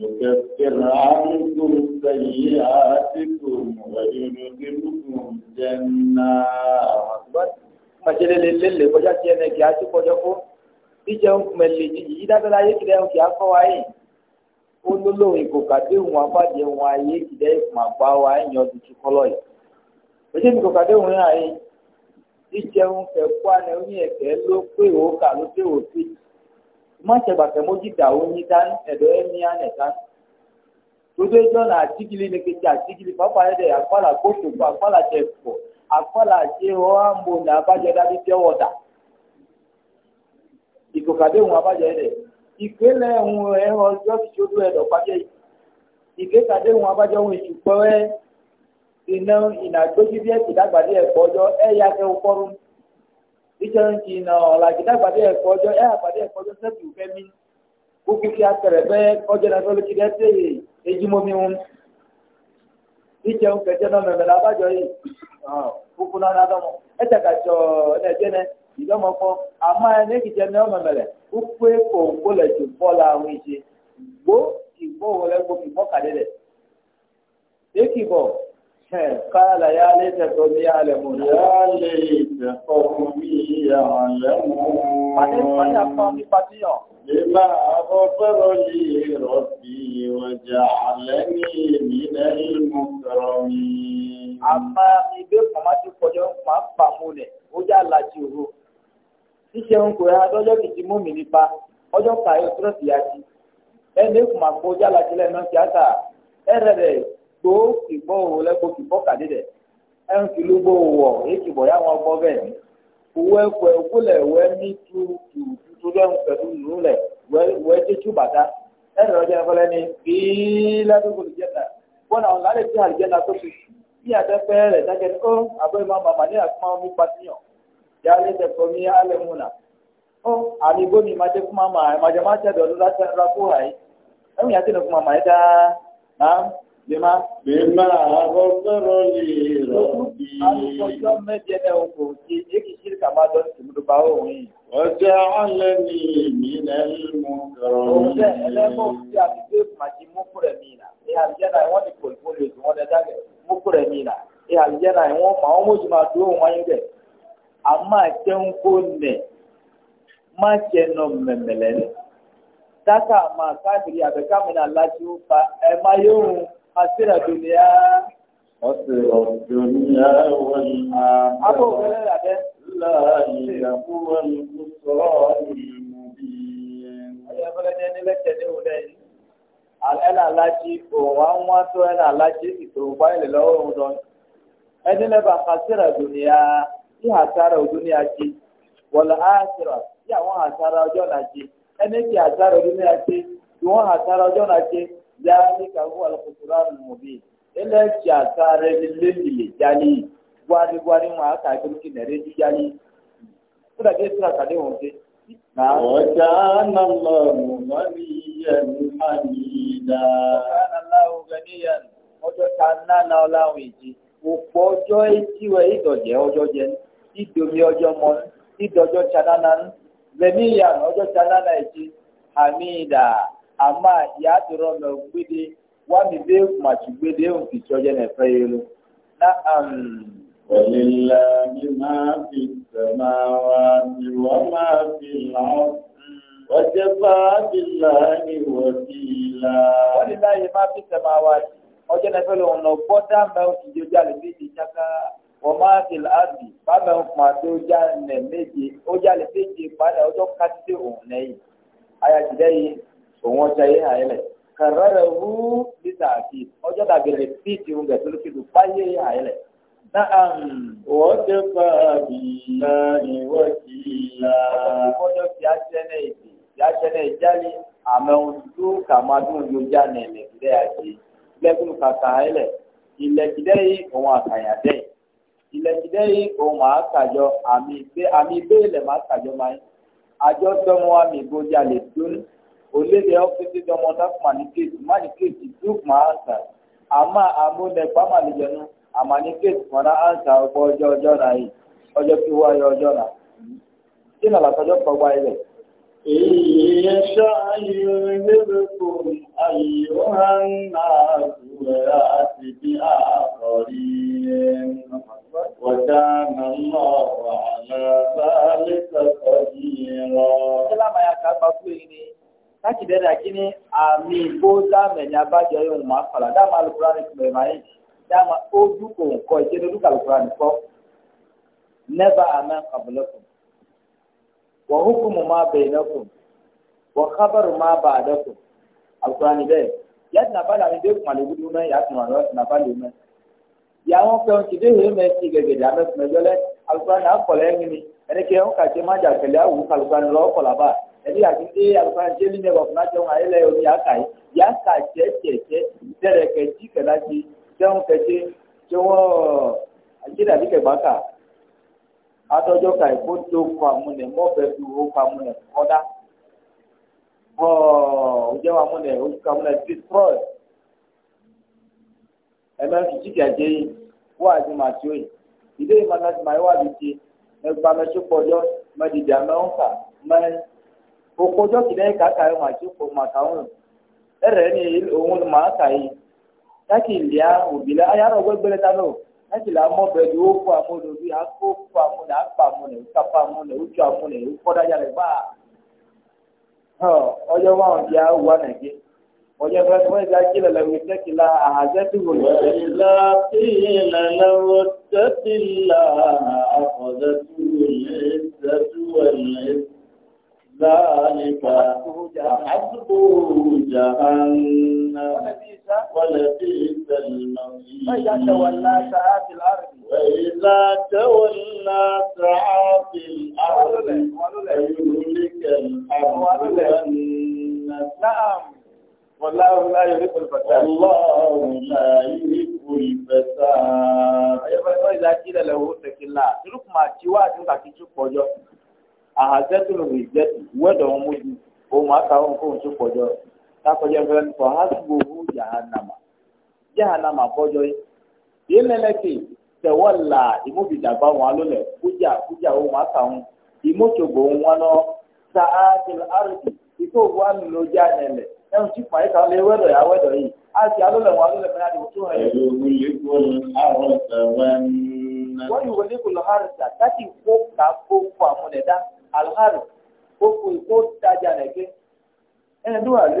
Speaker 1: nùkẹ́kẹ́rẹ́ àmúgbò sẹ́yìn àtìkù wẹ̀yìn onílùkùn jẹ́ náà. màṣẹ́lẹ̀ lè lélẹ̀ kọjá tiẹ̀ náà kì á ti kọjọ́ fún ìjẹun pẹ̀lú yìí dáadáa yé kiri ẹ̀hún kì á kọ́ wáyé. olólùwìn kò kàdé òun abájẹ òun ayé ìdẹ́ ìpàgbà wa ẹ̀yàn ọdún tó kọ́lọ́ yìí òṣèlú mi kò kàdé òun yà ayé jíjẹun kẹ̀kọ́ àná oní ẹ̀kẹ́ ló pé òkà ló pé òsì mọ̀ṣẹ̀gbàkẹ́ mójìdá oyin dání ẹ̀dọ́ ẹ̀mí ànẹ̀ká gbogbo ẹjọ́ náà àtìgìlì ní kejì àtìgìlì pápá ẹ̀dẹ̀ àpàlà gbòòtò fún àpàlà jẹ pọ̀ ọ́ ẹ̀dẹ̀ ìpele ohun ẹ̀rọ ọjọ́ ti ṣojú ẹ̀dọ̀ pàjẹ́ yìí ìgbésàdé ohun abájọ́ ohun ìṣùpọ̀ ẹ̀ iná ìnàgbójú bí ẹ̀sìn dàgbàdé ẹ̀kọ́ ọjọ́ ẹ̀ yá kẹ́ ọkọ́rú ìṣẹ́ ń ti iná ọ̀làjì dàgbàdé ẹ̀kọ́ ọjọ́ ẹ̀ àgbàdé ẹ̀kọ́ ọjọ́ sẹ́ẹ̀tì ìfẹ́ mi kókè kí akẹrẹ bẹ́ẹ̀ ọjọ́ náà ló ti dẹ́ tẹ̀ ejimomi wọn ìṣẹ́ ń kẹ́jẹ́ náà mẹ̀mẹ́lá abájọ́ yìí kúkú náà náà ìdọ́mọ kọ́ àmọ́ ẹ ní kìjẹ́ ní ọmọ mẹ́lẹ̀ ó pé kò ń kó lẹ̀ ju bọ́ọ̀lù àwọn ìṣe gbó ìgbó wo lẹ́gbọ́ kì mọ́ kàdé lẹ̀ èkì bọ̀ káàlà yá lé tẹ̀tọ́ ní alẹ́ mọ̀ ní. yá lè tẹ̀tọ́ mi àlẹ́ mọ̀. pàdé pàdé àpọn mi pàtíyàn. Bíbá àbọ̀fẹ́rọ̀ yìí rọ̀bì ìwọ̀jà àlẹ́ ní èmi lẹ́yìn mọ̀ sọ̀rọ̀ mi. Àmọ́ ibé kò ti pọ̀jọ́ máa ń pàmò lẹ̀, ó yà láti òru ṣíṣeun kò yára lọ́jọ́ kìtì mú mi nípa ọjọ́ kàáyọ̀ tírọ̀tì yá sí ẹni kò máa kó jálá sílẹ̀ náà tíátà ẹrẹ̀ rẹ̀ tó kìbọ̀ òwò lẹ́kọ̀ọ́ kìbọ̀ kàdé rẹ̀ ẹn kìlú bó wọ̀ èkì bọ̀ yá wọn gbọ́ bẹ́ẹ̀ owó ẹ̀kọ́ ẹ̀kú lẹ̀ wẹ́ ní tu tu tu lẹ́ pẹ̀lú nù lẹ̀ wẹ́ tẹ́tù bàtà ẹrẹ̀ ọjọ́ ẹ̀fọ́lẹ́ ni kìí lẹ́kọ̀ọ́ kìjẹ́ta bọ́nà ọ̀nà àlẹ́ tí àlùjẹ́ náà tó fi bí àtẹ́fẹ́ rẹ̀ dákẹ́ ní kó àbẹ́ máa màmá ní àkúmọ́ mi pa síyàn dalika komi ya alamuna o ni gomi maje kuma ma maje ma ta dolu la tan rafu hai am ya tinu kuma ma ta na lima bima ghafara li rabbi an ko me je ne o ko ki e ki shirka ma don ti mudu ba o yin wa ja'alani min al mukarramin o je ele mo ti a ti pe ma ti mu kure mi na e al jana won ni portfolio ti won da ga mu kure mi na e al jana won ma o mo ji ma do won yin de ama tse ŋko nɛ ma tse nɔ mɛmɛlɛ nɛ taka ma abeka abe kamina lati wo fa ɛma yɛ asira dunia. asira dunia wali ma. a b'o wele la dɛ. láàyè àbúrò nìkú sọ̀rọ̀ nínú bí. ayé fẹlẹ ní ẹni lẹsẹ ní wò lẹ́yìn. alẹ́ náà lajì òun á wá tó ẹ̀ náà lajì ìtòwò báyìí lọ́wọ́ òun dán. ẹni lẹ́ba asira dunuya. sí àtàrà ọdún ajé wọlé àṣírà sí àwọn àtàrà ọjọ́ nàjẹ ẹni tí àtàrà ọdún ajé tí wọ́n àtàrà ọjọ́ nàjẹ yáàlì kàwé alùpùpùrà nùbí ilẹ̀ tí àtàrà ilé ìlè jálì gbárígbárí wọn àkàkiri kí nàrẹ́ ju jálì kúrò àti ètò àkàdé wọn dé. وكان الله غنيا حميدا وكان الله غنيا ọjọ́ ta ná na ọláwìn òpó ọjọ́ idomi ọjọ mọ idọjọ tsanana lẹmi ìyànà ọjọ tsanana ẹtì hamida ama yàtọrọ mẹ gbede wàmí bẹ màtí gbede òǹkì tsọjọ n'ẹfẹ yìí lọ. ولله ما في السماوات وما في الأرض وكفى بالله وكيلا ولله ما في السماوات ọjọ́ náà lọ́wọ́ náà bọ́dá mẹ́wọ́n ti jẹ́ ojú àlùbí ìdí ṣáká fọmá ìlàbì bàbá ń pa tó já nẹ méje ó já lẹ méje padà ọjọ́ kásìtì òun lẹ́yìn ayàtìlẹ́ yìí òun ọjà yìí hàn yẹlẹ kẹrẹrẹ wú lítà àti ọjọ́ tàbí rìpíìtì òun gẹ̀ tó ló fi lù fáyé yìí hàn yẹlẹ. Naam. Wọ́n ti fa àbílá ìwọ́ sí ilá. Ọjọ́ ti aṣẹ́nẹ̀ èdè ti aṣẹ́nẹ̀ ìjálè àmọ́ ohun tó kà máa dún yóò já nẹ̀ẹ̀lẹ̀ kílẹ̀ àti lẹ́kùn kàkà ayẹlẹ̀ ilẹ̀ yìí òun àkàyà dẹ́yìn ìlẹ̀kìdẹ́ yìí òun máa kàjọ àmì ìbéèlè máa kàjọ máa yìí àjọ dọ́mọ àmì ìgbòjà lè dún olédè ọ́fíìsì dọ́mọ dákùmá ní kéètì má ní kéètì dúk máa ń sà àmà àmúnẹ̀pá mà lè jẹnu àmà ní kéètì á ń sà ọgbọ́ ọjọ́ ọjọ́ náà yìí ọjọ́ kí wáyé ọjọ́ náà kí nàlá sọjọ́ pọ̀ ilẹ̀. يشاء يذهبكم وكان الله على ذلك قديرا سلام يا كابتن láti bẹ̀rẹ̀ àkíní àmì ìgbó dáàmì ẹ̀yìn abájọ yóò máa fàlà dáàmà alukurani kùmẹ̀ máa yìí dáàmà ojú kò ń kọ ìṣẹ́ni olúkà alukurani kọ́ nẹ́bà àmẹ́ kàbùlẹ́kùn wọ́n hukumu máa bẹ̀yìn lẹ́kùn wọ́n kábàrù máa bà á lẹ́kùn alukurani bẹ́ẹ̀ yàtì àmì bẹ́ẹ̀ kùmà lè wúlò mẹ́ yàtì ya ŋu kpe ŋutsi ɖe hɛmɛ si gɛgɛdɛ ame tɛmɛ dɔ lɛ alukura na kɔ lɛ ŋini ɛnɛ kɛ ŋu katsi ma dza kɛlɛ awu alukura ni lɛ ɔkɔ la ba ɛdi yà kete alukura tse mi nɛ bɔ funa tse ŋu ayi lɛ omi aka yi ya ka tse tse tse tse lɛ kɛtsi kɛlɛ tsi tse ŋu kɛtsi ɛmɛ fitsi gɛdze yi wáàdì mà tó yi ìdè yìí ma na mà yi wáàdì ti ɛgba mɛ tó kpɔdzɔ mɛ didi amɛ ŋu fà mɛ okpɔdzɔ ti n'ayi kaka yi mà tó kpɔ mà kà ŋu ɛrɛ ni òun ma kà yi k'aki lia òbi lɛ ayarɔ gbɛgbɛ lɛ tanu k'aki lɛ amɔ bɛ di wofo amu do bi akó fo amu lɛ akpa amu kapa okapa amu lɛ otso amu lɛ okpɔdadza lɛ gbaa ɔ ɔdzɔ wa ɔdi awu anagye. وإذا قيل لو اتق الله أخذته وإذا قيل لو اتق الله أخذته العزة والعزة ذلك حسبه جهنم ولبئس المصير وإذا تولى سعى في الأرض وإذا تولى سعى في الأرض فيهلك الحرب والنسل نعم والله لا يحب الفساد الله لا يحب الفساد وإذا قيل له اتق الله تلك ما تيوا تنكا كيتشو كوجو أهزت الرجال ودعو مجي وما كاون كون تشو كوجو تاكوجو فلن فحسبه جهنم جهنم كوجو يلنكي tẹwọ́là ìmúbìdàgbà wọn lólẹ̀ kújà kújà wọn máa kà wọn ìmúṣogbo wọn lọ sáà tẹlẹ àrùbí ìkó wọn lójà nílẹ̀ ẹnu tí kùmà yìí kan lé wẹ́dọ̀ yà wẹ́dọ̀ yìí á ti alólè wọn alólè mẹ́rin àti òtún rẹ̀. ẹ̀rù wíwíkú àròsẹ̀ wẹ́n. wọ́n yìí wọlé kò lọ́hárì sà láti kó ká kó kó àmúlẹ̀dá alhárì kó dájà nẹ̀kẹ́. ẹni tó wà lé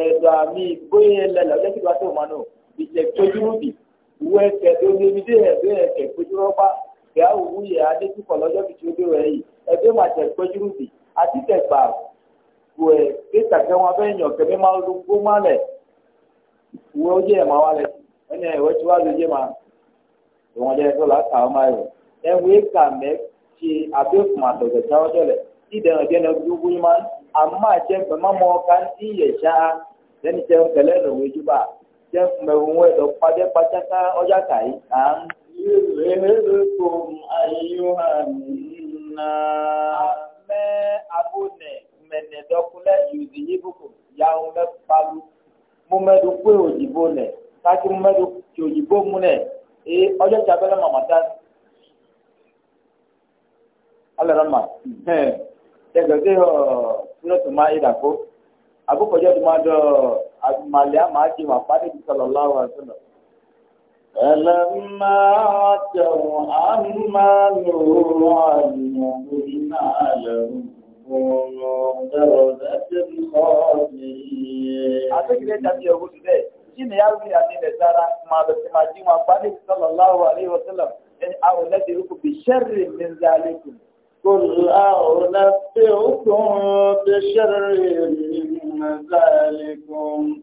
Speaker 1: ẹ̀dọ̀ àmì bóyá lẹ́la ọjọ́ kí ló wá sí òun náà ìjẹ́ tójúrú bì wọ ẹsẹ̀ tó ní ibi dé ẹ̀dọ́ ẹ̀kẹ́ tójúrú ọ̀pá kí á wù yẹ adétúkọ̀ lọ́jọ́ kìtì ó dé rẹ̀ yìí ẹ̀dọ́ mà jẹ́ tójúrú bì àti tẹ̀gbà wọ ẹ̀ pé kàkẹ́ wọn fẹ́ yàn kẹ́mi máa lu gbó má lẹ̀ wọ ó jẹ́ ẹ̀ máa wá lẹ̀ ẹni ẹ̀wọ́ tí wàá lóye máa ìwọ̀n jẹ́ tó láta ọmọ ẹ̀rọ ẹ̀wọ́ ẹ̀ka mẹ́ ṣe abẹ́kùn àtọ̀gẹ̀ta ọjọ́ lẹ̀ ìdẹ̀rùn jẹ́ amma ce ma mo kan iye sha den ce kele no we juba ce me won do pade pata ka oja kai am yuzhirukum ayyuhan na me abune mene dokule yuzhirukum yaun le palu mo me du pe ojibo ne ta ki ki ojibo mu e ojo ta bele mama ta Allah rahmat. Eh, daga suratul maida ko abukɔjɔ tó máa dɔ adumalẹ ama adi wà fani bi sallallahu alaihi wasallam. ẹlẹ́mà àtẹ̀wọ̀n àmà lòrò àyìnbó iná lẹ́rù fúnnú dẹ̀rọ̀ lẹ́sẹ̀ kọ́ mi. àtẹ̀kẹ́lẹ́ tàbí ọ̀gbọ́n ti bẹ́ẹ̀ kí ni yàrá mi àti ilẹ̀ sára máa lọ sí máa jí wọn fani bi sallallahu alaihi wasallam ẹni àwọn ẹlẹ́dẹ̀ẹ́ kò fi sẹ́rì mi ń zálẹ́ kù. قل أنبئكم بشر من ذلكم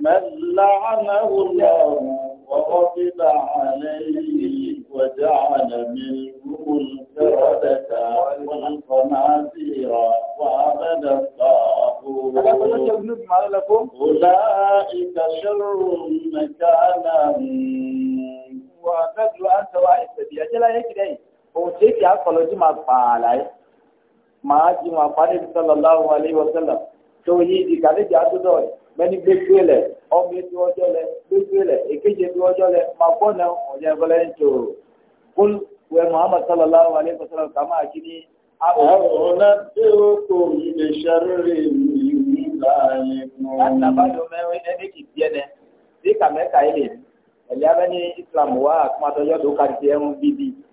Speaker 1: من لعنه الله وغضب عليه وجعل منه القردة والخنازير وعبد الطاغوت أولئك شر مكانا وأكد أنت واحد سبيل أجل هيك òun ṣe é kí akọlọjú máa pààlà yẹ màá jí wọn àpárí sọlọ láwọn alẹ́ wọ́sẹ̀lọ̀ tó yí di kàdéjì àdúdọ̀ rẹ̀ mẹ́ni gbégbé lẹ̀ ọmọ ètò ọjọ́ lẹ̀ gbégbé lẹ̀ èkéje ètò ọjọ́ lẹ̀ máa bọ́ náà ọ̀jẹ̀ ẹgbẹ́lẹ́ ń tò kúl wẹ muhammad sọlọ láwọn alẹ́ wọ́sẹ̀lọ̀ kà máa kí ni. àwọn ọ̀nàdé oko lè ṣàrẹ́rẹ́ ìlú láàyè kan. láti mẹ́rin ẹni kì í tiẹ̀ nẹ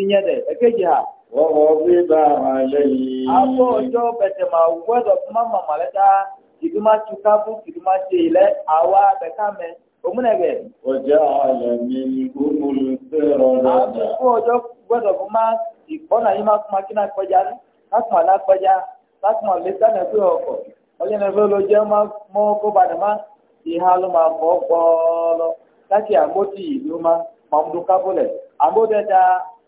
Speaker 1: ìyẹn dẹ̀ ẹ̀kejì ha. wọ́wọ́ bí bá wà lẹ́yìn. àbọ̀ ma bẹ̀tẹ̀ máa wọ́dọ̀ fún mọ́mọ́ mọ̀lẹ́ta kìdúmá tu kábù kìdúmá ṣe ilẹ̀ àwa bẹ̀ká mẹ́ òmùnẹ̀gẹ̀. ọjà àlẹ́mí gbóngbòlù ìkọ́nà yìí kuma kí náà kọjá náà ọjọ́ náà fẹ́ mọ́ kó ìhà ló máa fọ́ gbọ́ọ́lọ́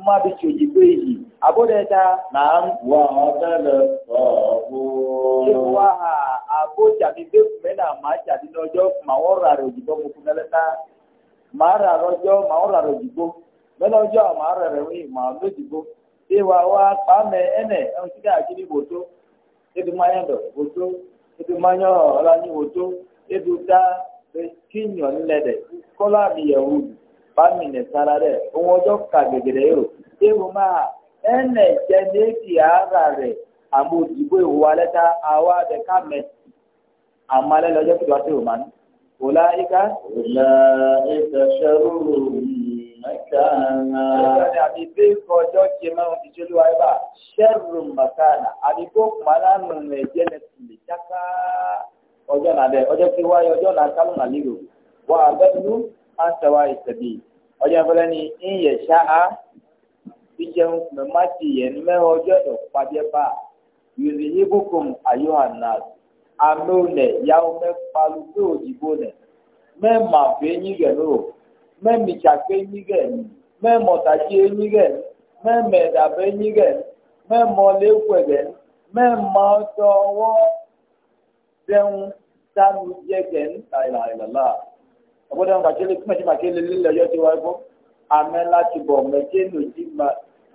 Speaker 1: mmadụ ji ojikwa ehi abụdịta na ịwa ha abụchabibekwume na ma chadị n'ọjọọ ma ọ rara ojigbo mụkwuneleta ma a rara ọjọọ ma ọ rara ojigbo mena ọjọọ ma a rara enweghị ma n'ojigbo ịwa wa kpame ene enwechike agịrị woto ịdụmanya dọ woto ịdụmanya woto bami ne sara rɛ ohun ɔjɔ ka gɛgɛrɛ yio ewu ma ɛnɛ jɛ ne ti ara rɛ amu odibo ewu alɛ ta awa bɛ ka mɛ amu alɛ lɛ ɔjɔ kutu ɔtɛ o ma ni ola ika. ola ika sɛruru makana. ɛsɛni àbí bí kɔjɔ tse mɛ o ti tse lu ayiba sɛruru makana àbí kó kuma la nù nù ɛjɛ lɛ tìlè tsaka ɔjɔ na dɛ ɔjɔ ti wáyé ɔjɔ na kálù nà lílo wà abẹ́nu ansawa ìsẹ̀bi ọjọ́ ìfẹ́lẹ́ ni ń yẹ ṣáá ìjẹun mẹ́mátì yẹn mẹ́wọ́ ọjọ́ ìdọ̀ pàdé bá yìí ní bùkún àyọ̀hánà amóhùnẹ̀ yàwó mẹ́palu pé òdìbò nẹ̀ mẹ́mà fẹ́ yígẹ̀ lóò mẹ́mìtsà fẹ́ yígẹ̀ mẹ́mọ̀tàjì yígẹ̀ mẹ́mẹ̀dà fẹ́ mẹ́mọ̀lẹ́wẹ̀gẹ̀ mẹ́mọ̀tọ̀wọ́ dẹ́hùn sanu jẹ́gẹ̀ ńlá ìlàlá. ọgbọdọ nǹkan tí kí mẹsì máa ké lélẹ lẹyọ tí wáyé amẹ láti bọ mẹjẹnu jí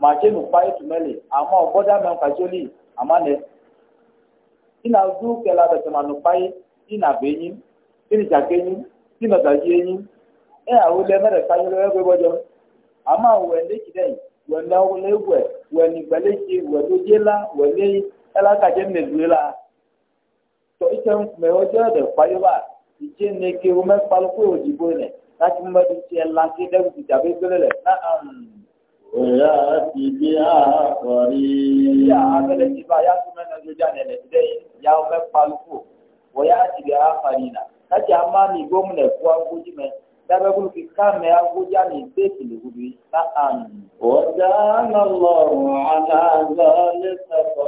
Speaker 1: màjẹnu páyé tùmẹlẹ àmọ ọgbọdọ amẹ nǹkan tí ó lì kẹlẹ abẹsẹ mànù páyé ina bẹ yín ina jàké yín ina ẹ àwọn ilé mẹrẹ lọ ẹgbẹ gbọdọ àmọ wẹ lẹkì wẹ náwó lẹwẹ wẹ wẹ wẹ ẹlá kàjẹ mẹdùlẹ la tọ ìdí ne ke wo mẹ́kpalu kó òdìbò nẹ láti mú bẹ́ẹ̀ tiẹ̀ la ké dẹ́kun ti dàbí gbélé lẹ̀ ná àm.
Speaker 2: Òyà ti di àkọ́rí.
Speaker 1: Ìyá abẹ́lẹ̀ ti bá yá tó mẹ́nu lójú àná ẹ̀ lẹ́sẹ̀ yìí yá wo mẹ́kpalu kó òyà ti di àkọ́rí nà láti àmà ní gómìnà kó agbójú mẹ́ dábẹ́ kúlù kí káàmẹ́ agbójú àná ìgbé ìkìlì gbogbo yìí ná àm. Ọ̀dà náà lọ́rùn àná àgbà lẹ́sẹ̀ kọ́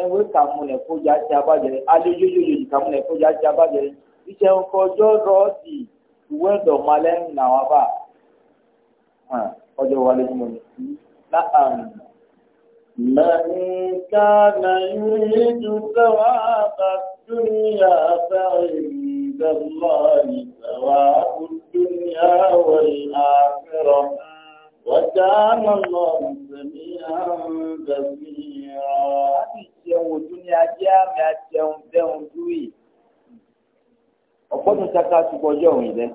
Speaker 1: ẹ̀wé kàmúlẹ̀ kójà ti abájẹrẹ alẹ́yọ́yọ́yọ́ kàmúlẹ̀ kójà ti abájẹrẹ iṣẹ́ ọkọ̀jọ́ rọ́ọ̀sì ìwé ẹ̀dọ̀malẹ̀ làwọn bá ọjọ́ wa lẹ́yìn mọ́ni. من كان يريد ثواب الدنيا فعند الله ثواب الدنيا والآخرة
Speaker 2: وكان
Speaker 1: الله سميعا بصيرا jẹun ojú ní ajé àmì àjẹun dẹun dúrì ọgbọdun taka ṣùgbọjọ òun ilẹ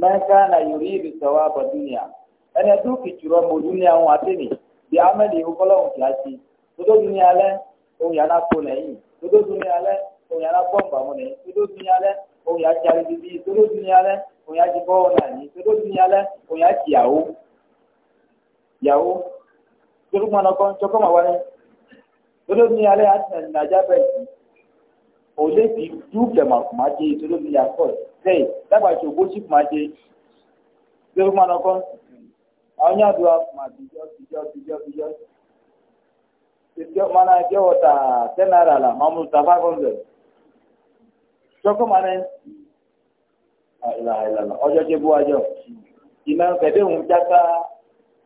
Speaker 1: mẹka na yorì ìlú sọwọ abọdúnìà ẹni ẹdún kìtùrọ mọ ojú ní àwọn àtẹnì bí amẹlẹ ìhó kọlọrun kìá sí tótó dún ní òun yàrá kó tótó ní alẹ òun yàrá tótó òun yàrá bíbí tótó òun yàrá tótó òun yàrá yàwó tótó kọ́ ń wáyé. tolo mi ale atina ni nadza bɛ yi olevi du kɛmɛ kuma dze tolo mi akɔ sɛyi daba tso gbotsi kuma dze tolo kuma nɔkɔ awo nya do akuma bidzɔ bidzɔ bidzɔ bidzɔ bidzɔ mana bidzɔ wɔta tɛnara la mamu tafa kɔnzɛ tsɔkɔ ma nɛ ayila ayila la ɔdzɔ tse bu adzɔ ina kɛdɛ ŋu dzata.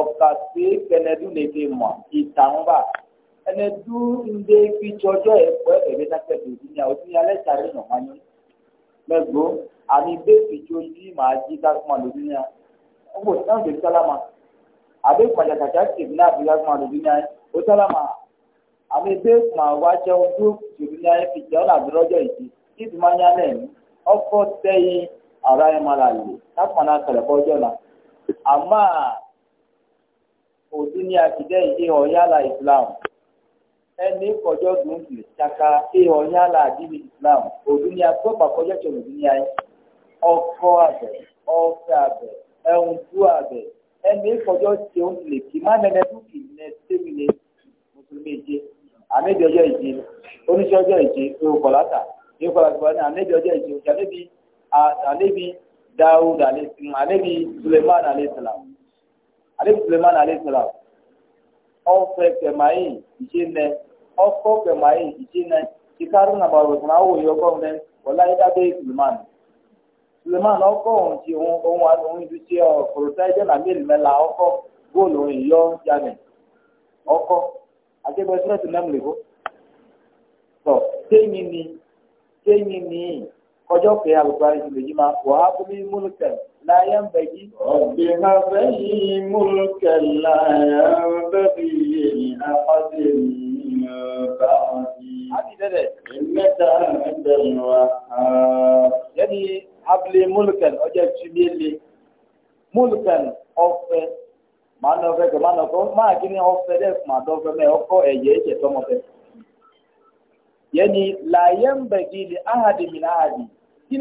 Speaker 1: ọ̀kàtí kẹnẹdú lè fi mọ̀ ìtàn bá ẹnẹdú ndé fi tsọjọ́ ẹ̀kọ́ ẹ̀bí sáfẹ́ tó ti ní àwọn tí ní alẹ́ sàrẹ́ nà wáyé mẹ́gbó àmì bẹ́ẹ̀fì tó yí màá jí kákùmá lòdì ní à ń bò sáwọn bèbí sálámà àbí kpàjàkàtà kébì náà fi kákùmá lòdì ní à ó sálámà àmì bẹ́ẹ̀kùmá wá jẹ́ ojú tòbí ní à fi jẹ́ ọ̀nà àdúrọ́jọ́ ìdí kí ìdùnnú ayé alẹ́ mi ọkọ̀ tẹ́yìn àrà ẹ̀ máa là lè kákùmá náà kẹlẹ̀ òdúnyà kìdẹ́ ìdí ọ̀yàlà islam ẹni kọjọ́ dùn kìlì ṣaka ìhọ̀ islam òdúnyà tó pàkọjọ́ tó òdúnyà yìí ọkọ àbẹ ọfẹ àbẹ ẹhùn tú àbẹ ẹni kọjọ́ tí ó lè kí má nẹnẹ dúkì nẹ tẹ́mìlẹ̀ mùsùlùmí ìje àmẹ́bí ọjọ́ ìje oníṣẹ́ ọjọ́ ìje òkọ̀láta ìkọlá tó bá ní ọjọ ọjọ́ ìje òkè dawud sàlámù. ale suleman ale sara ɔfɛ kɛmɛ yi ìṣe nɛ ɔfɔ kɛmɛ yi ìṣe nɛ kíkaru nàbà rògbòn awo yọ kɔn dɛ wọlé ayédáde suleman suleman ɔkɔ ohun ti ohun ohun anu ohun ti ti ɔ kòròtà ɛjɛ nà mílì mɛla ɔkɔ góòlù ohun yọ yanni ɔkɔ akébɛ sírɛtì nɛmúlẹ kó tɔ téyìn ni téyìn ni kɔjɔ kɛ alùpàá ìṣèlú yìí ma wàhálà kó bí múlùkẹ́. لا ينبغي رب هب لي لا ينبغي لأحد من بعدي إنك الوهاب يعني ملكا أجل ملكا ni ọfẹ dẹ màá dọ fẹ mẹ ọkọ ẹyẹ ẹjẹ tọmọ fẹ yẹni làyẹ ń bẹ gidi ahadi mi náà hadi kí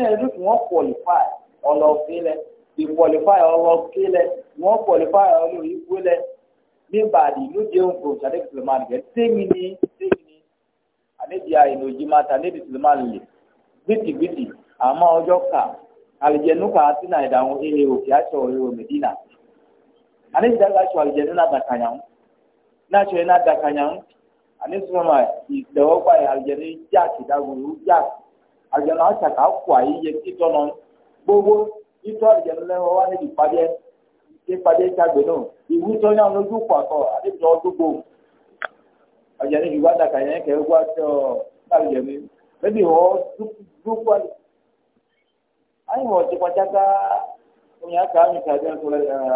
Speaker 1: ọlọfin lẹ ìkwọlifáì ọwọ́ kílẹ̀ wọ́n kwọlifáì ọlọ́ ìgbélẹ̀ níbàdí ló jẹ́ òǹkò sàdéjì suleman gẹ̀ tẹ́mi ní tẹ́mi ní àdéjì àyìnbó jimá sàdéjì suleman lè gbìtìgbìtì àmọ́ ọjọ́ kà àlìjẹ̀nu kà á sí náà ìdáhùn ehe òkè àṣọ ìhò mẹ́dínà àdéjì dàgbà aṣọ àlìjẹ̀nu náà dàkànyà ń dàkànyà ń jáàkì jáàkì gbogbo ìtọ́ ìjẹun lẹ́wọ́ wá níbi ìpàdé ìpàdé ìtàgbé náà ìwú tó yàn lójú pàkọ́ àdébìtọ́ gbogbo ọjà níbi wá dàkà yẹn kẹ́ wá tó láti jẹ mí bẹ́ẹ̀ni wọ́n dúpọ̀ àlè. àyìn wọ́n ti pàjá ká oyin aka mi tàbí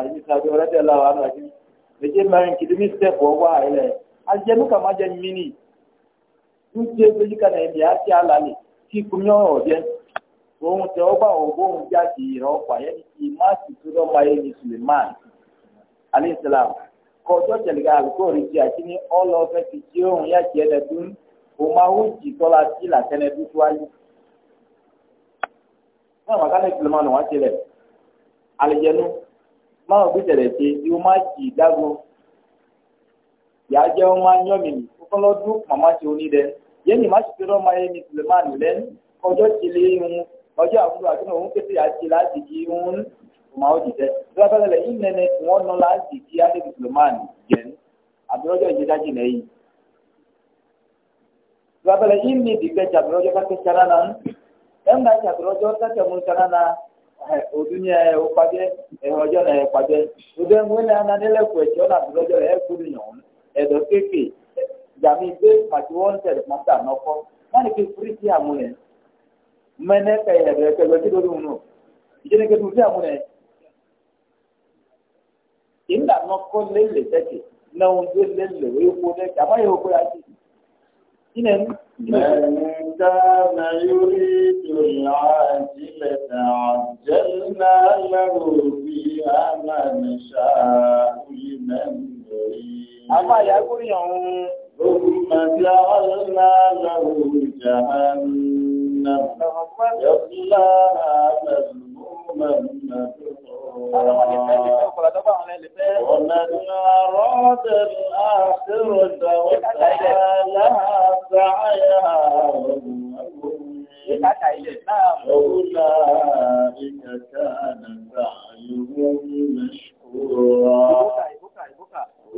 Speaker 1: ẹni tàbí ọ̀rẹ́ tẹ̀ láwa àná àti méjì mẹ́rin kìdí mi sẹ́pù ọwọ́ àìlẹ̀ àjẹmú kà má jẹ mímì ní ti òun tẹ ọba ògbóhùn jáde ya ọ̀pá yẹn ti má sì ma máa ní suleiman alayhisalaam kọjọ́ tẹ̀lẹ́gà alukóòrì tí a ti ní ọlọ́ọ̀fẹ́ ti tí òun yá tiẹ̀ dẹ̀ òun máa jì sí dúdú fún àwọn wọn ti rẹ̀ alìjẹnu máa ṣe tí ó máa jì yàá máa màmá ti oní rẹ̀ yẹ́nì má sì túnbọ̀ ọjọ́ àbúrò àti òun pété àti láàdìgí ń ma ó dìde lọ́bẹ̀rẹ̀ ìnẹnẹ tí wọ́n ná láàdìgí alẹ́dìgbòmánì jẹ́nu àbúrọ́jọ́ ìjẹ́dájì lẹ́yìn lọ́bẹ̀rẹ̀ ìní dìgbẹ́ jàbúrọ́jọ́ kákẹ́ sanana ẹ̀ńdà jàbúrọ́jọ́ kákẹ́ mú sanana òdúnyẹ òkpàdé ẹ̀họ́jọ́ náà ẹ̀kpàdé òdó ẹ̀ńwẹ́lẹ̀ ananilẹ́kọ̀ọ́ ẹ̀jọ́ náà àbúrọ́jọ́ rẹ̀ ẹ̀kúnyàn ẹ̀dọ̀ kéèké jàmí gbé màtí wọ́n tẹ̀lé mọ́tà nọ́kọ́ wọ́n ní kí fúrísì àmúlẹ̀ mene ka yɛ bɛ kɛ bɛ kido dun no jene ke dun tia mune inda no ko lele tete na un de lele we ko de kama yo ko ya ti inen من كان يريد العاجلة عجلنا له فيها ما نشاء لمن نريد أما يقول يوم ثم جعلنا له جهنم جهنم يصلاها مذموما ومن أراد الآخرة وسعى لها سعيها أولئك كان سعيهم مشكورا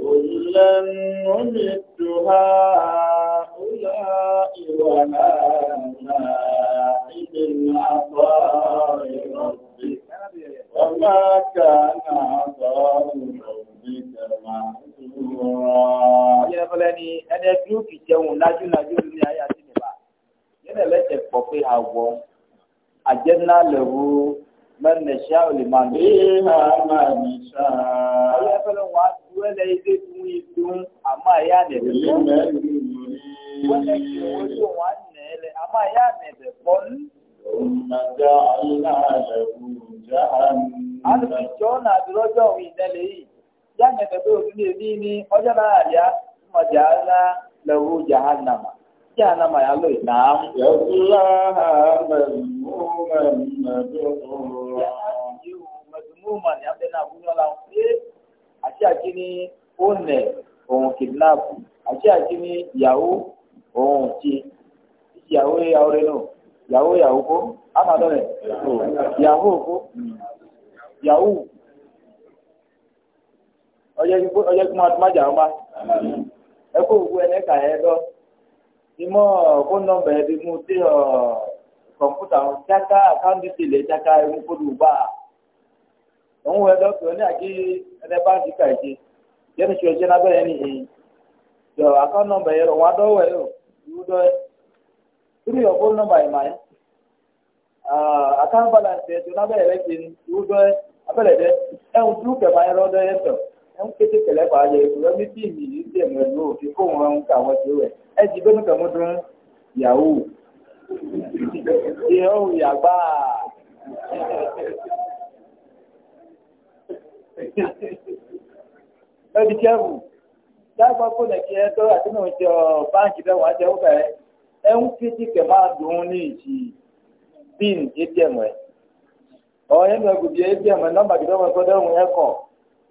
Speaker 1: كلا نمت هؤلاء وهؤلاء من عطاء ربك وما كان عطاء ربك محظورا. يا فلاني أنا أدعوك جون لاجو لاجو من آياتي نبا. يلا لا تفقه أبو أجلنا له من نشاء لمن فيها ما نشاء الله فلن وعد ولا يزيد ويدون أما يعني لمن ولكن وجوه أما يعني بقول ثم جعلنا له جهنم أنا في جونا درجة ويدلي يعني بقول لي ديني أجل عليا ثم جعلنا له جهنم جهنم يلوي نعم يصلاها مذموما مدحورا مذموما يبدنا بولا àti àkíní ònẹ òun kidnap àti àkíní ìyàwó òun ti ìyàwó ìyàwó rẹ náà ìyàwó ìyàwó kó amadu rẹ ìyàwó kó ìyàwó ọjọ́ kí wọ́n máa jà wọ́n bá ẹ kó òkú ẹ̀ ní ẹ̀ka ẹ̀ lọ́ọ́. ìmọ̀ fóònù nọmba yẹn ti mú sí kọ̀mpútà wọn ṣáká àkáǹtì tìlẹ̀ ṣáká ẹ̀mú fóònù òun wẹ̀ lọ́kùnrin ní àti ẹ̀rẹ́ báńkì ṣe ọjọ́ nìyí. àkáǹtì nọmba ẹ̀ ẹ̀ fóònù nọmba máa àkáǹtì balance ẹ̀ tó ẹ̀ abẹ́rẹ́ ẹ̀hún kété kẹlẹ́ bàá yẹ ìkúrẹ́ mi bí mi yìí dẹ̀ mọ̀ ló fi kó wọn ń ka wọn ti wẹ̀ ẹ jì bẹ́ẹ̀ nìkan mú dún yahoo yẹ ọ́ yàgbá. ẹ bí kẹ́rù dágbà kó lè kí ẹ dọ́rọ̀ àti náà jẹ báńkì bẹ́ẹ̀ wọ́n á jẹ ó bẹ̀rẹ̀ ẹ̀hún kété kẹ̀ máa dùn ní ìjì bíìn yé dẹ̀ mọ̀ ẹ̀ ọ̀ ẹ̀ ń bẹ̀ gùdìẹ̀ yé dẹ̀ mọ̀ nọ́mbà kìdọ́mọ̀ ẹ̀kọ́ dẹ́rùn ẹ̀kọ́.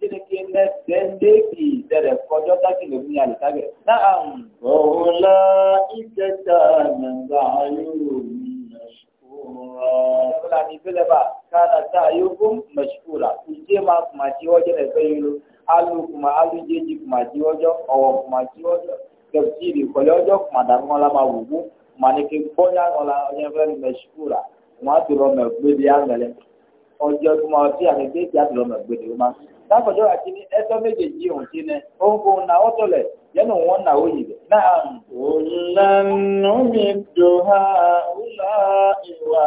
Speaker 1: tinike mẹsẹ̀ndé kì í tẹ̀lé kọjọ́ tákìlẹ̀ ní àlùkágẹ̀. Náà. Ọ̀la ìjẹta nàgbà yóò ní mẹ̀ṣúkúra. Ìfúnra ní Fílẹ́bà kára tá a yóò fún mẹ̀ṣúkúra. Ìjẹ́ máa kùmà tí ọjọ́ rẹ̀ fẹ́ yín lo. Alu kùmà alu jéjì kùmà tí ọjọ́ ọ̀wọ̀ kùmà tí ọjọ́. Kẹ̀kìtì ìkọ̀lẹ́ ọjọ́ kùmà dàgbọ́n la máa wù wú. Màníkì gbọ́nyá ọ̀la ọjọ́ fẹ́ mẹ̀ṣúkúra. Wọ́n á ti rọ mẹ̀ ọjọ́ tó máa tí àmì kéèké àti lọ́mọ gbèdè ó máa. àti ní òun ti ní kò ó tọ̀lẹ̀ yẹnu wọn nà ó yìí náà. mi dò ha ìwà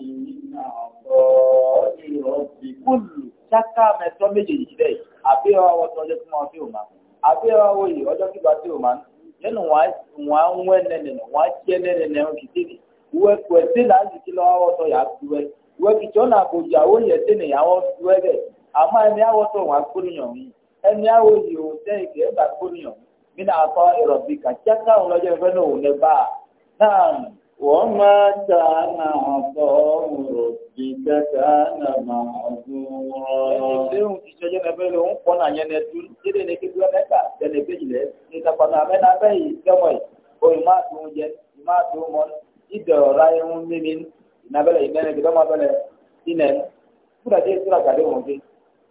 Speaker 1: ìyìnà ìrọ̀bì. kúlù ṣáká mẹ́tọ́ uwe kwete na aziki na awọtọ ya uwe uwe kichọ na aboji awo yete na yawo uwe gẹ ama ẹni awọtọ wa kúrìyàn mi ẹni awo yìí o tẹ ìgbẹ ẹgbà kúrìyàn mi na akọ ìrọbì kàtíákà òun lọjọ ìfẹ náà òun lẹ bá a náà wọn máa ta na ọkọ òrò bí kẹta na máa ọdún wọn. ẹni ìgbéhùn ti ṣọjọ́ náà fẹ́ lóun pọ́n náà yẹn lẹ́tú jíde ní kíkúrẹ́ mẹ́ta tẹ̀lé péjì lẹ́ ní ìtàkùn àmẹ́nabẹ́ yìí kẹ́wọ̀n yìí o ì máa dùn jẹ ì máa dùn mọ́ni idɔ la ye ŋun mimi ina bɛ la ina ne dibama bɛ la ina ne kura de sira ka di ŋun fi.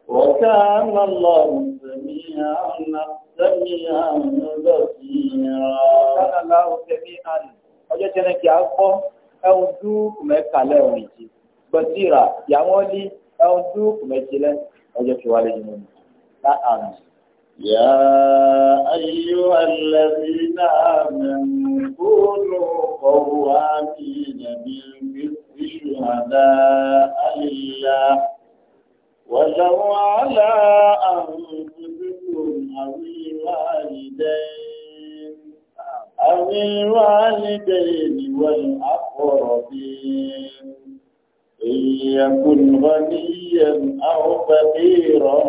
Speaker 1: وكان الله سميعا سميعا بصيرا كان الله سميعا ọjọ́ tẹ́lẹ̀ kí a kọ́ ẹ̀hún dú kùmẹ́kàlẹ́ ẹ̀hún ìjì gbọ̀tìrà yàwọn lé ẹ̀hún dú kùmẹ́tìlẹ́ ọjọ́ tí wàá lè yìí nínú. يا أيها الذين آمنوا كونوا قوامين بالقسط شهداء لله ولو على أنفسكم أو الوالدين أو الوالدين والأقربين إن يكن غنيا أو فقيرا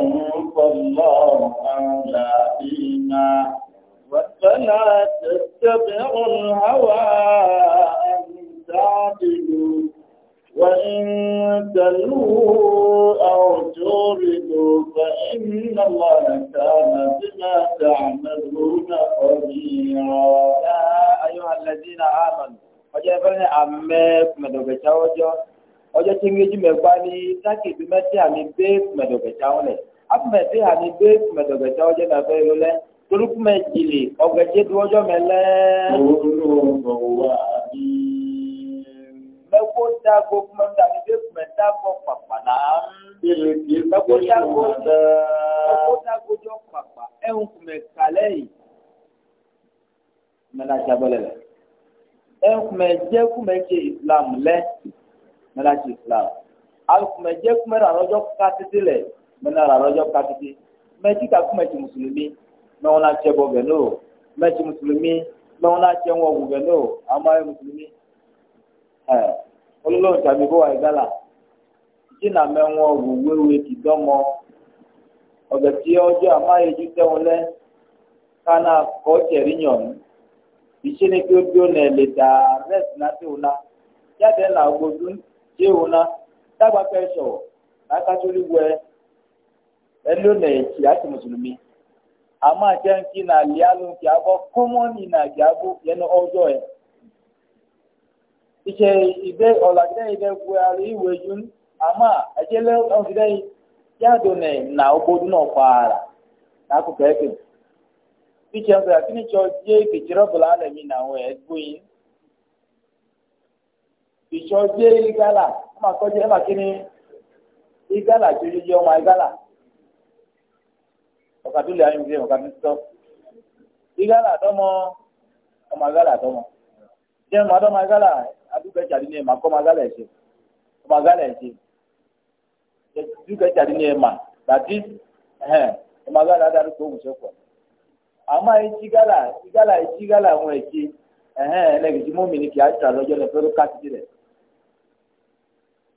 Speaker 1: فالله أولى بهما وفلا تتبعوا الهوى أن تعدلوا وإن تلووا أو تردوا فإن الله كان بما تعملون خبيرا يا أيها الذين آمنوا وجاء وجعلنا أمامكم دوكتاوجو ọjọ́ tí ŋedzi me gba ni taki bi me te ami be kumedɔgbetsawo le afi me te ami be kumedɔgbetsawo dze na ƒe yelo lɛ toluku me dzi li ɔgbɛdze do ɔdzɔ me lɛ. mɛko ta go kume ta mi be kume ta fɔ kpakpa na. mɛko ta go mɛko ta go dzɔ kpakpa eŋu islam lɛ. mẹ́ta ti islam alùpùpù ẹ̀kúmẹ́ rà rọ́jọ́ kátìtì lẹ̀ mẹ́ta rà rọ́jọ́ kátìtì mẹ́tì kakúmẹ́ ti mùsùlùmí mẹ́wọ́n náà tiẹ̀ bọ̀ gẹ̀ẹ́nù mẹ́tì mùsùlùmí mẹ́wọ́n na tiẹ̀ wọ̀ wù gẹ̀ẹ́nù amáyé mùsùlùmí ẹ̀ ti tí èwo na tágbà fẹ́ sọ̀rọ̀ lákàtúndì wẹ ẹlò nà ètì àti mùsùlùmí àmọ́ àjẹǹkì nà àlìyálò kì á bọ́ kọ́mọ́nì nà kì á bọ́ yẹnu ọjọ́ ẹ̀. ìṣe ìdè ọ̀làjẹ́ ìdè wẹ àrí ìwé yún àmọ́ àjẹlẹ̀ ọ̀sídẹ́ yàdò nà nà ọgbọ́dún náà fààrà lákòókò ẹ̀kẹ́. ìṣe ń sọ̀rọ̀ kí ni ìṣe ọjọ́ ìkìtìrọ̀bùlà alẹ́ mi nà àwọn ẹ̀ gbóyin. ìṣọjẹ igala ọmọ akọjẹ ẹ máa kíni igala jẹjẹjẹ ọmọ igala ọkàtúlẹ ayélujára ọkàtúntọ igala dọmọ ọmọ igala dọmọ jẹ ọmọ adọmọ igala adúgbẹjà ní ẹ kọ ọmọ igala ẹsẹ ọmọ igala ẹsẹ ní dàdí ọmọ mọmìnì àlọjọ lẹfẹ rẹ.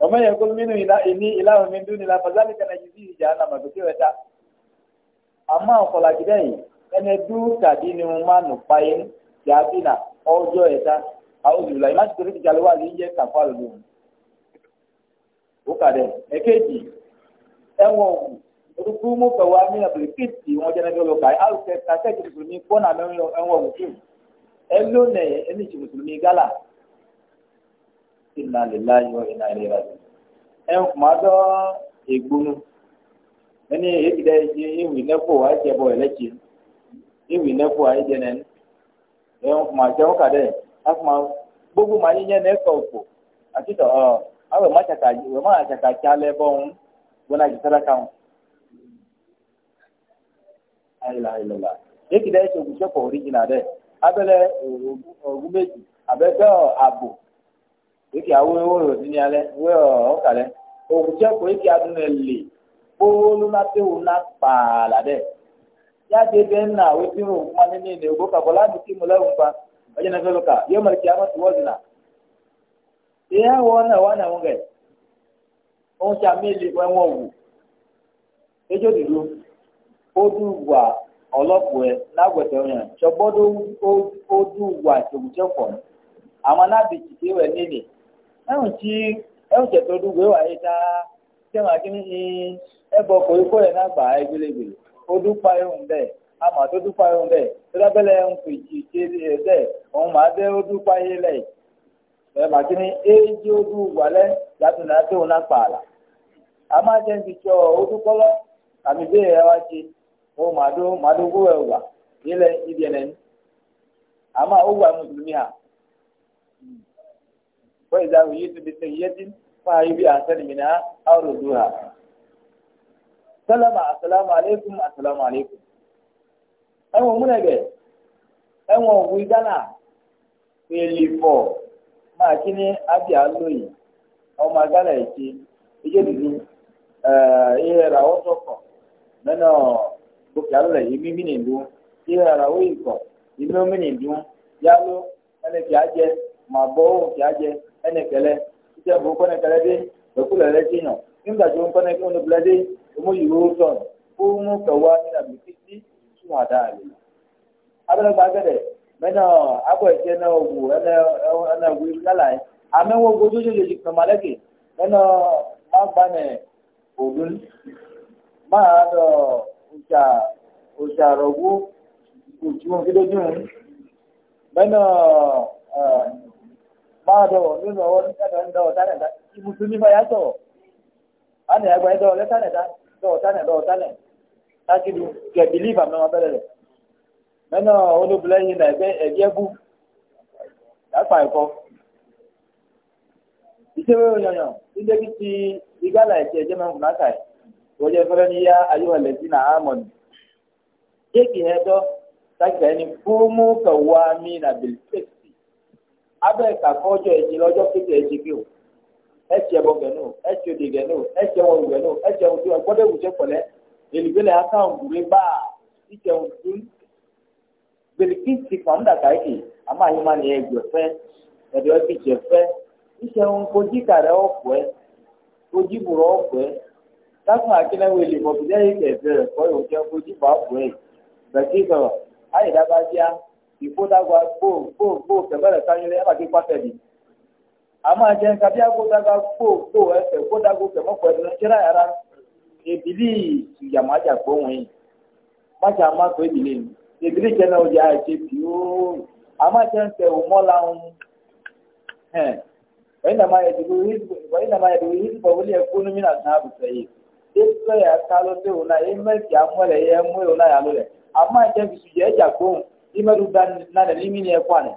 Speaker 1: ومن يقول منه إلى إني إله من دون الله فذلك نجزيه جهنم بكيوتا أما أقول كده ẹni dú tàbí ni mo máa nù páyé yàtí nà ọjọ́ ẹ̀ta àwọn òṣèlú láì má ti torí ìjà lówà yìí jẹ́ kàfà lòlù ó kàdé ẹ̀kẹ́jì ẹ̀wọ̀n òkú orúkú mú pẹ̀wọ́ amínà bìrìkìtì wọn jẹ́ nẹ́bí ọlọ́kà áwùkẹ́ kàtẹ́kì mùsùlùmí fọ́nà mẹ́rin ẹ̀wọ̀n òkú ẹ lónìí ẹni ìṣe mùsùlùmí gálà inna lillahi wa inna ilaihi raji'un ẹn kuma dɔ egbunu ɛni eki da ewi nɛfo wa bọ ɛbɔ ewi dɛ gbogbo ma yi nyɛ nɛfɛ òfò àti ọ ɔ awɛ ma tsaka ma tsaka tsi alɛ bɔn gbɔna dzi ayila ogun ogun eke awo ewo rò ní alẹ wẹ ọ kalẹ òkùtẹ kò eke adùn ẹ lè kpolu n'ate wò ná kpaala dẹ yàtẹ bẹ nà wò ti rò kuma níní ní kakọ láti ti mu nfa ìyá wọn náà wọn náà wọn ohun tí a wọn wọn ejò wà ẹ wà ìṣòwò àwọn anábìtì tí ẹ̀hùn tí ẹ̀hùn tẹ̀tọ̀ dùgbò wà yìí tá tẹ̀wọ̀n akíní ni ẹ̀bọ̀ kò ikú ẹ̀ náà gbà ẹ́ gbélégbèlè ó dúpa ẹ̀hùn bẹ́ẹ̀ àmọ́ tó ya ẹ̀hùn bẹ́ẹ̀ tó dábẹ́lẹ̀ ẹ̀hùn kò ì ṣe é bẹ́ẹ̀ òun máa dé ó dúpa yé lẹ̀ ẹ̀ màkíní éjì wà wa idza uyitu bi sayyi'atin fa hayyu bi ahsani minha aw rudduha salama assalamu alaikum assalamu alaikum ẹwọn múnẹgẹ ẹwọn òwú gánà fèlè fọ máa kí ní abia lóyè ọmọ gánà èké ìjọ dúdú ìhẹ ràwọ tọkọ nínú gòkè alẹ yìí mímí nìlú ene kele ite bo kone kele de be kula le ti no imba jo kone ko no blade mo yi wo ton ko mo ka wa ni na bititi su ada ali abele ba gede mena abo ije na ogu ene ene wi lala e ame wo gojo jojo ji kan maleke mena ma gba ne odun ma do uja uja rogu ojú wọn kí lójú wọn mena báwa dọ̀wọ̀ nínú ọwọ́ nígbàdàn dọ̀wọ̀ tánẹ̀dá ibùsùn ní fàyà sọ̀rọ̀ àná ẹgbà ẹ dọ̀wọ̀ lẹ́tánẹ̀dá dọ̀wọ̀ tánẹ̀ dọ̀wọ̀ tánẹ̀ tákìlú kẹ̀ bìlífà mẹ́wàá bẹ̀rẹ̀ rẹ̀ mẹ́nà olóbìlẹ́yìn náà ẹgbẹ́ ẹ̀bí ẹ̀bú lápá ẹ̀kọ́ ìṣèwé òyànyàn ilé bí ti ìgbàlà ẹ̀jẹ̀ ẹ̀jẹ̀ mẹ́wàá náà kàì wọ́jẹ́ fẹ́rẹ́ ní yá ayéwọlẹ̀ sí náà ámọ̀nì kéèkì yẹn dọ́ tákìlá ẹni fúnmú kẹwàá mí nàbẹ̀lẹ̀ Abe ka ọjọ ẹdzi lọjọ kéde ẹdzi o ẹtsi ẹbọ gẹnu ẹtsi ode gẹnu ẹtsi ẹwọlu gẹnu ẹtsi ẹwọlu gẹnu ẹgbọdọ ewu tẹ kọlẹ elibe lẹ aka ngure baa titi ẹwu dun gbeliki ti fam daka eke ama ayi ma ni ẹgbẹ fẹ ẹdi ẹbi tsẹ fẹ titi ẹwu kodzi ka rẹ ọfọẹ kodzi ìfódàgbà gbòògbò tẹ̀bẹ̀rẹ̀ sáyẹlẹ àbàkí pàtẹ́bì àmọ́ àjẹ́ kàbí a gbòògbò ẹsẹ̀ gbòdàgbò tẹ̀mọ́pọ̀ ẹ̀dùn ṣẹ́ra yàrá ebili ìyàmọ́ àjà gbóhùn májà má tó ebili ni ebili jẹ́ náà ọjà àjẹ pìó àmọ́ àjẹ́ ń yìí náà imeru dan na e e da limi ne kwane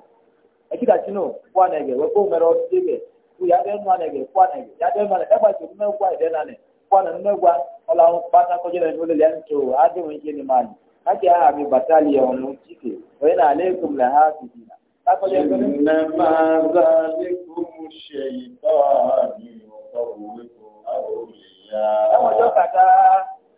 Speaker 1: akida tino kwane ge we ko mero tige ku ya den kwane ge kwane ge ya den na ba ti me kwa e de na ne kwane me kwa ola un pata ko jere no le yan to won je ni ha mi batali ya onu tike wa ina alaikum la ko je na ma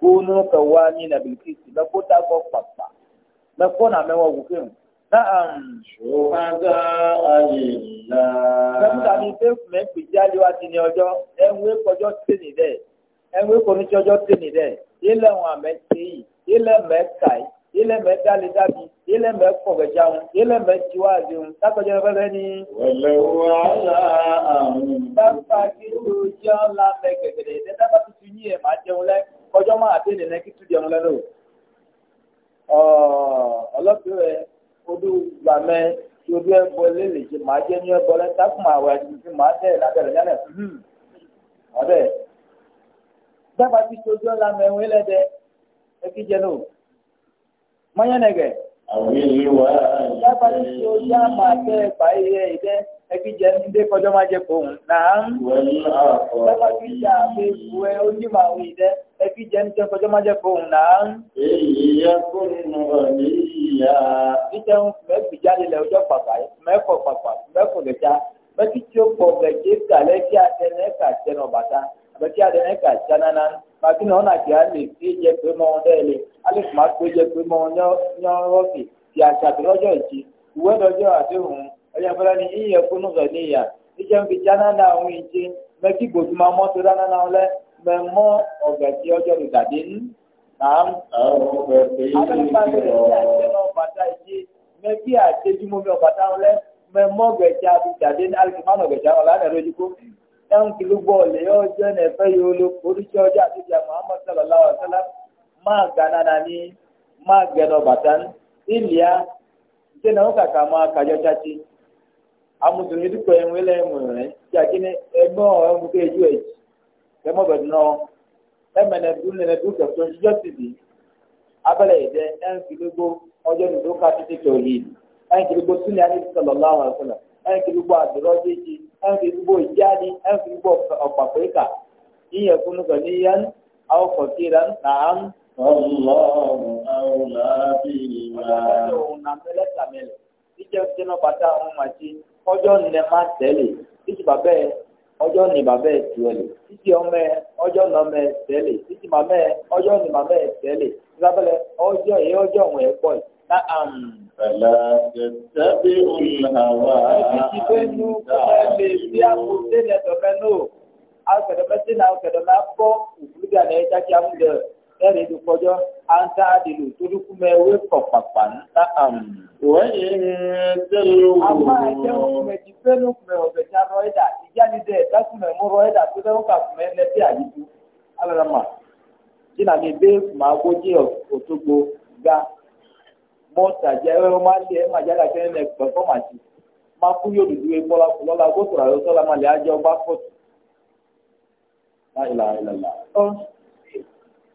Speaker 1: kunu qawwamina bil qisti be ko ta ko papa be ko na me wa wu ke na'am um, shuhada alillah be ta ni pe me pe jali wa ti ni ọjọ́ enwe kojo ti ni de enwe ko ni jojo ti ni de ile won ame ti ile me kai ile me dali dabi ile me ko be jaun ile me ti wa ji un ta ko je be ni wala wa ala am ta pa ki tu jo la me ke de ta ba tu ni e ma je un le kọjọ́ máa àti ènìyàn kí tún jẹun lẹ́nu ọlọ́pẹ́ rẹ odò gbàmẹ́ tí odò ẹ bọ lélẹ̀ jẹ màá jẹ ní ẹbọ lẹ tákùmọ̀ àwọ̀ ẹ̀dùn fi màá tẹ̀ lábẹ́rẹ̀ yálẹ̀ hmm. ọ̀dẹ̀ dábàá ti tí odò ńlá mẹ́wọ́n ẹlẹ́dẹ̀ ẹ kí jẹ nù mọ́yánẹ̀gẹ̀ dábàá ti tí odò àmà tẹ̀ báyìí ìdẹ́ ẹbí jẹ ń kọjọ́ máa jẹ kóhùn náà dábàá ti tí àmì ìwẹ̀ onímọ̀ àwọn ìdẹ́ ẹbí jẹ́ ń jẹun kọjọ́ má jẹ́ fún òun náà. èyí yẹ kó nù ọ ní ìyá. jíjẹun mẹ́fì jáde lẹ ọjọ́ pàpà mẹ́fọ̀ pàpà mẹ́fọ̀ lẹ́jà mẹ́fì tí ó pọ̀ gẹ̀jẹ̀ kàlẹ́ kí adẹ́nẹ́kà jẹ́nà bàtà àbẹ́ kí adẹ́nẹ́kà jẹ́nana màbí náà ọ̀nà kí á lè fi jẹ pé mọ́ ọ dẹ́ẹ̀lì á lè má pé jẹ pé mọ́ ọ ní ọ̀rọ̀ọ̀sì ti àṣàbí lọ́jọ́ ìjì ìwé ọ̀dọ́jọ́ àdéhùn ẹ̀yà fẹ́lẹ́ ni yíyẹ mẹmọ ọgbẹ tí ọjọ ìgbàdé ń náà abẹ́rẹ́ bàtà ìdí mẹbí àtẹjúmọ́ mi ọ̀bàtà ọlẹ́ mẹmọ ọgbẹ tí ìgbàdé ń alìkùnmánà ọgbẹ tí ọlá ẹ̀rọ ìdíkó ẹ̀hún kìlú gbọ́ ọ̀lẹ́ ọjọ́ nẹ̀fẹ́ yóò lo oríṣi ọjọ́ àti ìjà muhammad sallallahu alayhi wa sallam máa gánà máa ìlíà ó kàkà máa dúpọ̀ kẹmọ bẹ dùn náà ẹmẹ nẹ dùn nẹ dùn kẹfọ ìjọ ti di abẹlẹ yìí dẹ ẹn kìlógbó ọjọ nìdó ká títí tó yìí ẹn kìlógbó sílẹ alẹ sọlọ láwọn ẹsọlọ ẹn kìlógbó àdúrà déjì ẹn kìlógbó ìjáde ẹn kìlógbó ọpàpọ̀ ìkà ìyẹn kúnú pẹ̀lú yẹn àwọn kọ̀ọ̀kìrà náà ń. ọlọ́run àwọn làbí ìlà. ọjọ́ òun nà mẹ́lẹ́ tàmẹ́lẹ̀ ìjẹ́ ọjọ́ ni màmá ẹ̀ tu ẹ̀ lè títí ọmọ ẹ̀ ọjọ́ nà ọmọ ẹ̀ tẹ̀ lè títí màmá ẹ̀ ọjọ́ ni màmá ẹ̀ tẹ̀ lè lábẹ́lẹ̀ ọjọ́ yìí ọjọ́ òun ẹ̀ pọ̀ na am. Bẹ̀lẹ̀ ẹ̀ lè fi àpò sílẹ̀ tọ̀fẹ́ Àwọn ẹ̀rì ìdúkọjọ́ àǹtá àdìlù tó dúkú mẹ́wé kọ̀ pàpà ńlá um, e, àmì. wọ́n yẹ ẹ̀ẹ́dẹ́ ẹ̀jẹ̀ òkùnmẹ̀ ti fẹ́ lókùnmẹ̀ ọ̀bẹ̀ já rọ́ẹ̀dà ìjánidẹ̀ dákùnmẹ̀ mú rọ́ẹ̀dà tó fẹ́ kà fún ẹ lẹ́tí àyíkú. alárama jìnnà mi bẹ́ màá gbójì òtógbó ga mọ́tà jẹ́ ẹ̀rọ máa lé ẹ̀ máa jáde àkẹ́rẹ́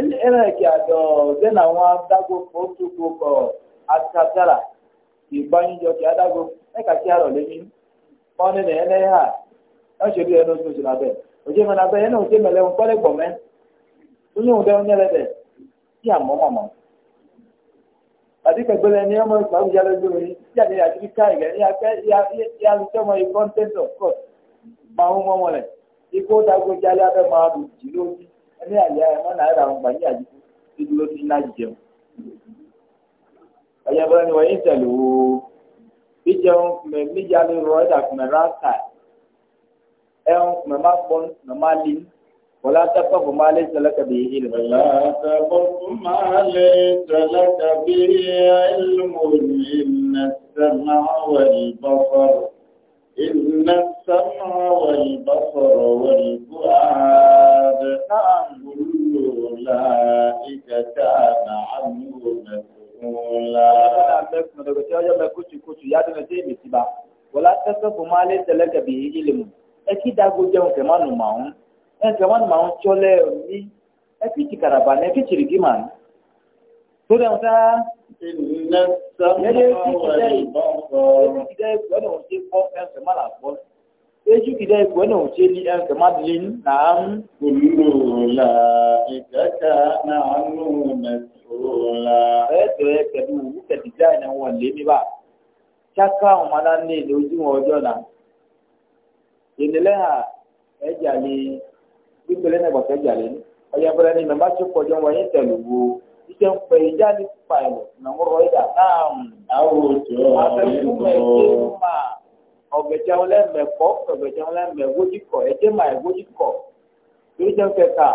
Speaker 1: eneki adọ dị na nwa dago otu kwụkọ atatara ìgbanyí jọ kí adágo mẹ́ka kí arọ̀ lémi kọ́ni ní ẹnẹ́ hà ẹ̀ ṣe bí ẹnu oṣooṣù lábẹ́ òjé mi lábẹ́ ẹnu òjé mi lẹ́hùn kọ́lé gbọ̀n mẹ́ tóní òun dẹ́hùn yẹlẹ́ bẹ̀ kí àmọ́ mọ̀mọ́. àti kẹgbẹ́ lẹ ní ọmọ ìgbà òjá lọ gbé mi tí àti àti ká ìgbẹ́ ní afẹ́ ya lu tí ọmọ yìí content of course máa ń mọ́mọ́ rẹ̀ ikú dágo jálẹ̀ abẹ́ máa lù jì lójú ẹni àyà ẹ mọ́nà ara àwọn gbàyè àjẹ tí dúró sí náà jẹun. ọ̀yẹ́ bọ́lá ni wọ́n yín tẹ̀lé o bí jẹun kùmẹ̀ níjà ló rọ ẹ̀dà kùmẹ̀ ráńtà ẹ̀hún kùmẹ̀ má gbọ́ nà má lé wọ́lá tẹ́pọ̀ kò má lé tẹ̀lé kàbí ìlú. wọ́lá tẹ́pọ̀ kò má lé tẹ̀lé kàbí ìlú ìnà sẹ́mà wẹ̀lì bọ́fọ̀rọ̀ ìnà sẹ́mà wẹ̀lì أولئك كان عنه مسؤولا wala tẹsẹ fuma ale tẹlɛ kabi ilimu ɛki dago jɛun kɛmɛ numa ŋu ɛ kɛmɛ numa ŋu tsɔlɛ ni ɛki tikaraba ni ɛki tsiriki ma ni tó dẹ̀ ŋuta yɛ de ti ti dɛ yi ti ti dɛ yi gbɔdɔ ŋuti kpɔ ɛn kɛmɛ la gbɔ eju kida ikwena ucheli anka madlin naam kullu la ikaka naanu masula eto eke du uke dijana won le mi ba chaka o mala ni loju ojo na inile ha ejali bibele na gbata ejali oya bere ni me ma chu kojo won yin telugo ise n pe ọgbẹjẹun lẹmẹ kọ ọgbẹjẹun lẹmẹ egodi kọ ẹjẹma egodi kọ torí jẹun kẹta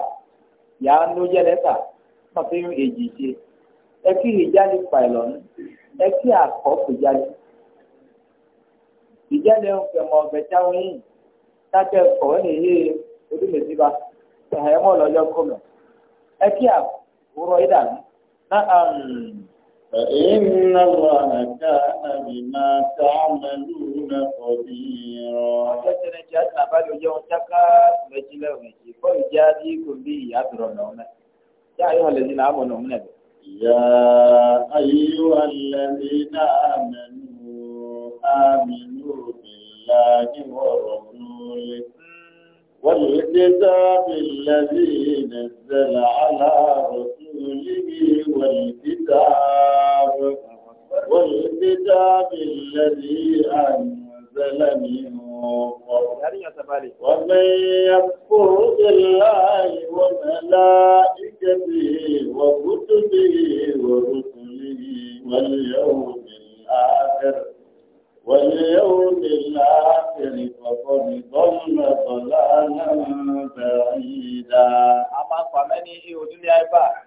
Speaker 1: yàá nójẹ lẹta má fi ń èjì ṣe ẹkí ìjáde pàìlọ́nù ẹkí àkọ́ kò jáde ìjáde ń fẹmọ ọgbẹjẹun yìí tákẹ́ kọ̀ ẹ́ nìyí orílẹ̀-èdè bá ẹ̀hẹ́ mọ́ lọ́jọ́ kọ́ mọ́ ẹkí àkúrọ̀ ìdààmú náà. Um, فإن الله كان بما تعملون خبيرا. يا أيها الذين آمنوا من يا أيها الذين آمنوا آمنوا بالله ورسوله والكتاب الذي نزل على رسوله رسله والكتاب والكتاب الذي أنزل منه ومن يكفر بالله وملائكته وكتبه ورسله واليوم الآخر واليوم الآخر فقد ضل ضلالا بعيدا. أما فمن يؤتي العباد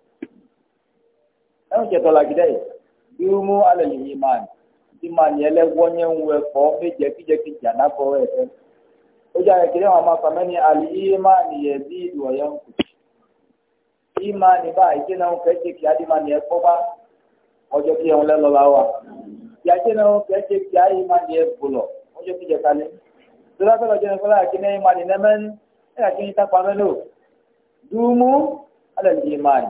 Speaker 1: ẹnu jẹ tọ́la gidẹ yìí dúró alẹ́ lè yí máa ti máa ní ẹlẹ́wọ́nyẹ́ ń wẹ kọ́ méje kíjẹkí jàdá kọ́ ẹ̀ ó jẹ́ àyẹ̀kí lẹ́wọ̀n àwọn afàmẹ́ ni àlè yí máa nìyẹn bí ìlú ọ̀yẹ́ ń kù yí máa ní bá àìjẹ́ náà ń fẹ́ ṣe kí adé máa ní ẹ̀kọ́ bá ọjọ́ kí ẹ̀hún lẹ́lọ́ la wà kí àìjẹ́ náà ń fẹ́ ṣe kí ayé máa ní ẹ̀kọ́ lọ ọjọ́ kí jẹ̀ka lẹ́ tọ́lá nípa láàkí ní ẹ̀yìn máa ní nẹ́mẹ́rin ẹ̀yà kí ní.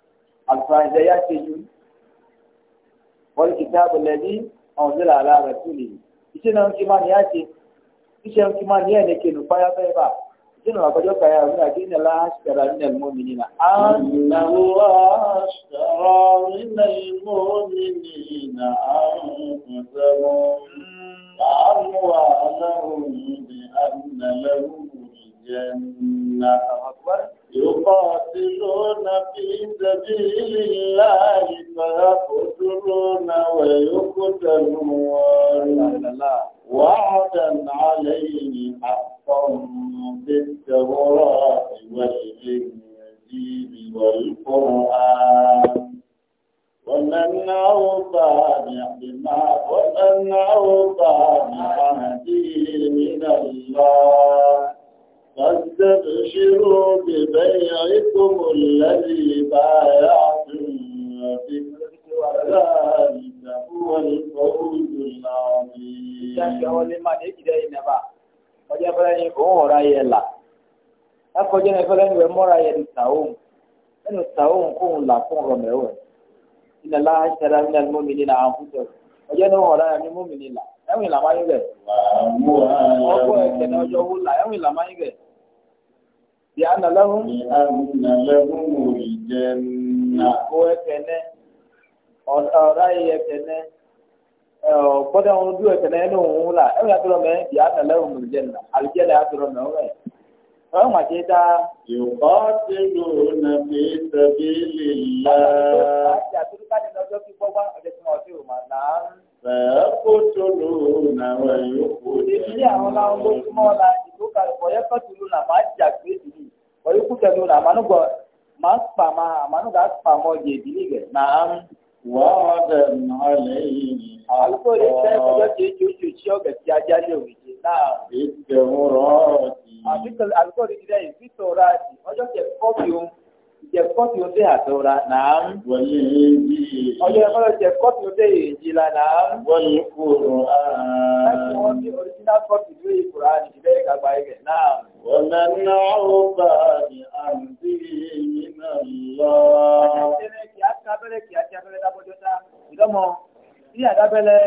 Speaker 1: الفائدة يأتي والكتاب الذي أنزل على رسوله iṣẹ́ náà ń kí máa ní àṣẹ iṣẹ́ ń kí máa ní ẹ̀ẹ́nì kẹnu fáyà fẹ́ẹ́ bá iṣẹ́ náà àkọjọ́ kàyà òmìnira kí ní ẹ̀la aṣèkàrà nínú ẹ̀lmọ́ mi nínà. ànáwó aṣèkàrà nínú ẹ̀lmọ́ mi nínà àrùnkùnfẹ́wọ́ àánú àlọ́ òun ni àdínàlẹ́wò ìjẹ́ nínú àkàkọ́. يقاتلون في سبيل الله فيقتلون ويقتلون وعدا عليه حقا في التوراة والإنجيل والقرآن ومن أوصى بما ومن أوصى بعهده من الله فاستبشروا ببيعكم الذي بايعتم به وذلك هو الفوز العظيم. Ọjọ́ fẹ́lẹ́ ni òun ọ̀rá yẹ là. Lákọ̀ọ́jọ́ ni fẹ́lẹ́ ni wẹ́ mọ́ra yẹ ni tàóhùn. Lẹ́nu tàóhùn kóhùn là fún ọ̀rọ̀ mẹ́wẹ̀. Ìnàlá ṣẹlẹ̀ ní àlùmọ́mìnira àwọn fúnjọ. Ọjọ́ ni òun ọ̀rá yẹ ni mọ́mìnira ẹ̀wìn ìlànà yín bẹ̀. ọkọ ẹ̀kẹ́ ní ọjọ́ owó là ẹ̀wìn ìlànà yín bẹ̀. bí a nàlẹ́hùn. bí a nàlẹ́hùn òrì jẹ́ nà. ìkó ẹ̀kẹ́ nẹ́ ọ̀rá yìí ẹ̀kẹ́ nẹ́ gbọ́dọ̀ ohun dúró ẹ̀kẹ́ nẹ́ ẹni òun là ẹ̀wìn àtúrọ̀ mẹ́ bí a nàlẹ́hùn òrì jẹ́ nà àlùjẹ́ nà àtúrọ̀ mẹ́ ọ̀rẹ́ wọ́n mọ̀ sí ta. Yorùbá ti lò nà fi tẹ̀bí lè la. Àti àtúrúkà ní ọjọ́ kíkọ́ wá ọ̀dẹ̀ tí wọ́n náà. fẹ́ẹ́kótóló làwọn èèyàn kò dé. ilé àwọn làwọn ló súnmọ́ la ìlú kalẹ̀ fọyẹ́kọ̀tòló là máa jà gbé ìlú fọyẹ́kùtẹ̀ló là máa nùgbọ́ máa pa máa àmọ́ nùgbà pa mọ́ ìdílé rẹ̀ náà. wọ́n dẹ̀ náà lẹ́yìn. àlùkò jẹ kọ́ọ̀tù ọdẹ àtọ́ra náà. wọlé èyí. ọjọ́ ẹ̀fọ́ jẹ kọ́ọ̀tù ọdẹ èyí la náà. wọlé kúrò áá. láti wọn ní original kọ́ọ̀tù ìlú ìkúra ní ìbẹ̀rẹ̀ kagba ẹ̀gẹ̀ náà. wọlé náà ó bá ní àǹtí iná lọ. àtẹ̀tẹ̀rẹ̀ kì á ti abẹ́rẹ́ kì á ti abẹ́rẹ́ dábọ́jọ́ dá. ìdánmọ̀ sí àdábẹ́lẹ́.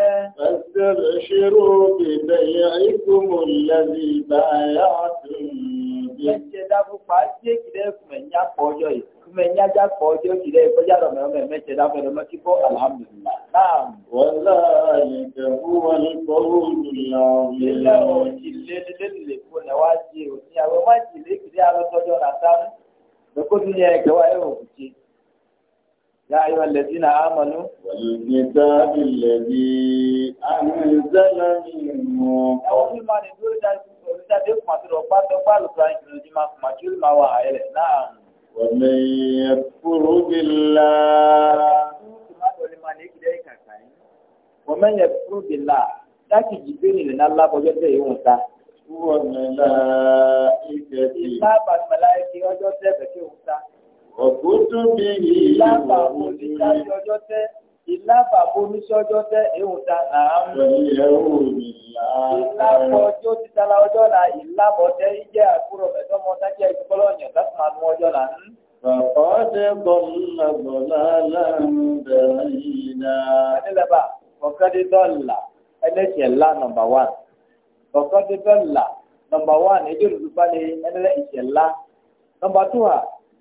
Speaker 1: ẹsẹ̀ rẹ̀ ṣerú bèbè yẹ ikú mọ̀lẹ́bí báyà tún mẹtsẹ dàbò kpa dé kìlẹ̀ kùmẹ̀nyà kpọ̀jọ yìí kùmẹ̀nyà dza kpọ̀jọ kìlẹ̀ kọjá dọ̀ mẹ̀mẹ̀ mẹtsẹ dàbò ẹ̀rọ mẹtí kọ́ alihamudulila naam. wàlá ìdẹ̀kú wàlú kọ́wó nìyà òye. ilé o ti lé lé lè fún ẹ wá di o ní àwọn má ti يا أيها الذين آمنوا والكتاب الذي أنزل منه ومن يكفر بالله ومن يكفر بالله láti jìbìrì lè ná lábọjọ́ tẹ̀ yóò ta. wọ́n mẹ́lá ìgbẹ́ bíi. ìgbà bàtìmọ̀lá ẹ̀kí ọjọ́ tẹ̀ bẹ̀ kí òun ta ọ̀gbọ́tò bí i ìlàbà oníṣẹ́ ọjọ́ tẹ́ ìlàbà oníṣọ́jọ́ tẹ́ èhùn ta àámú ìlàbà ọjọ́ títàlá ọjọ́ là ìlàbà ìjẹ́ àkúrò mẹ́tọ́mọ tájẹ́ ìgbọ́lọ́ ọ̀yàn láti máa nu ọjọ́ là ń. Ọ̀ọ́dẹ bọ̀lá bọ̀lá láǹbẹ̀ yìí náà. Ẹnilẹ́bà, ọ̀kadì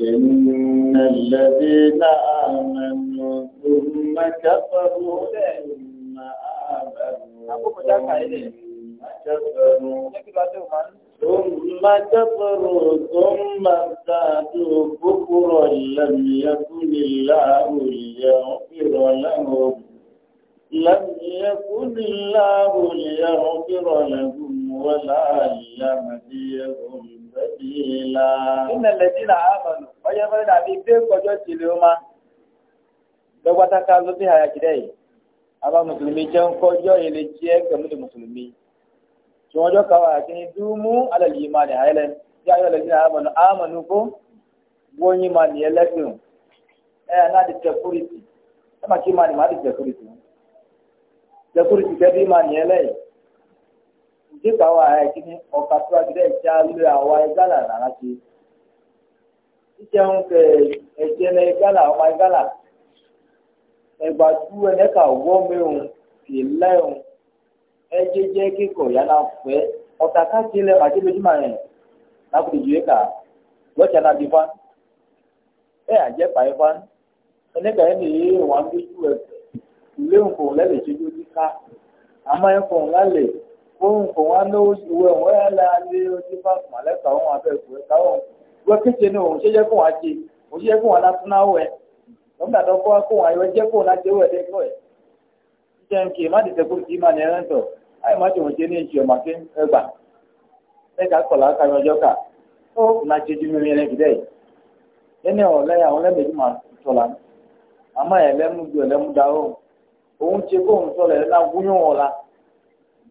Speaker 1: إن الذين آمنوا ثم كفروا ثم آمنوا ثم كفروا ثم ارتادوا كفرا لم يكن الله ليغفر لهم لم يكن الله ليغفر لهم ولا ليهديهم sabila. onye lẹ́dínà àmàlù, ọjọ́ fẹ́rẹ́ dàbí gbé kọjọ́ tìlẹ̀ ó ma. Lọ́gbàtà ká ló bí àyà kìdẹ́ yìí. Àbá Mùsùlùmí jẹ́ ń kọjọ́ ilé jẹ́ gẹ̀múdì Mùsùlùmí. Tí wọ́n jọ kàwá àti ní dúmú alẹ́lì yìí máa ní àyẹ́lẹ́. Bí ayọ́ lẹ́dínà àmàlù, àmàlù kó wọ́n security. security. Security dịka awa ha ekini ọkatua gide echa awa igala na alachi iche ŋu ke eche na igala ọma igala egbatu ene ka wọ mewu kele wu edzedze kiko ya fẹ ti lẹ màtí ma na fa ẹ fa wọn ju ẹ ko ka ama òun kò wá lówó ìwé òun ẹ̀ la lé ojú bá mọ̀lẹ́kà òun abẹ́kù ẹ̀ káwọn wọ́n kéde ní òun ṣe kó wọn ṣe òun ṣe jẹ́ kó wọn lásánnáwó ẹ̀ lọ́mú dàdọ́ kó wọn kó wọn ayọ̀ jẹ́ kó wọn lájẹ́wọ́ ẹ̀ dẹ́kọ̀ ẹ̀ Eba. ń kì í má dìtẹ̀ kó kì í má ní ẹ̀rẹ́ ń tọ̀ má ti òun ṣe ní ìṣù ọ̀mà kí ẹ gbà mẹ́ka kọ̀ láka ní ọjọ́ ká ó ṣe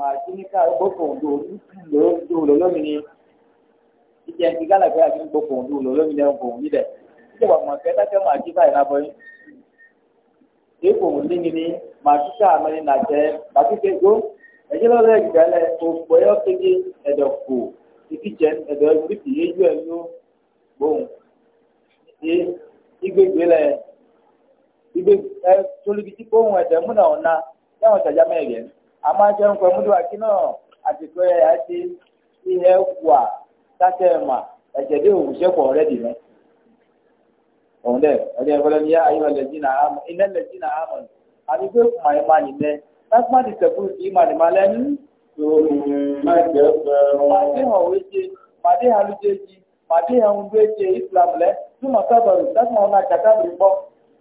Speaker 1: màtíníkà gbókò ndó ndó ló lómìnir ìjẹ ti gánà pé àti gbókò ndó ló lómìnir kò ní dẹ ìjẹ wà màkẹ́ dákẹ́ màtí báyìí lábọ́ yín èkó ndínyìní màtíkà mẹni nàjẹ màtíkà gbó ẹjẹ lọ lẹ gbẹlẹ òpó yọ kéde ẹdọ kò ìkíjẹ ẹdọ ìbítì yéjú ẹnu gbóhùn ní ìgbégbé lẹ ìgbé ẹ tolibiti gbóhùn ẹdẹ múnà ọ̀nà táwọn ìtajà mẹ́rin amájẹun pẹ̀lú múdùwà kí náà àtìkọ́ ẹ̀ àti ihe wà sákẹ́ ẹ̀ mà ẹ̀jẹ̀ dé òwúṣẹ́ pọ̀ rẹ̀ dì mẹ́. òun dẹ̀ ọdún ẹ̀fọ́ lẹ́nu yá ayọ̀ lẹ́jìn náà àmọ̀ iná lẹ́jìn náà àmọ̀ àbí pé kùmà ẹ̀ máa yìí mẹ́ lápá ti sẹ̀kú kì í mà ní ma lẹ́nu. màdé ọ̀wé ṣe màdé àlùjẹ́ ṣe màdé àwọn ọdún ẹ̀ ṣe islam lẹ́ túmọ̀ sábà rẹ̀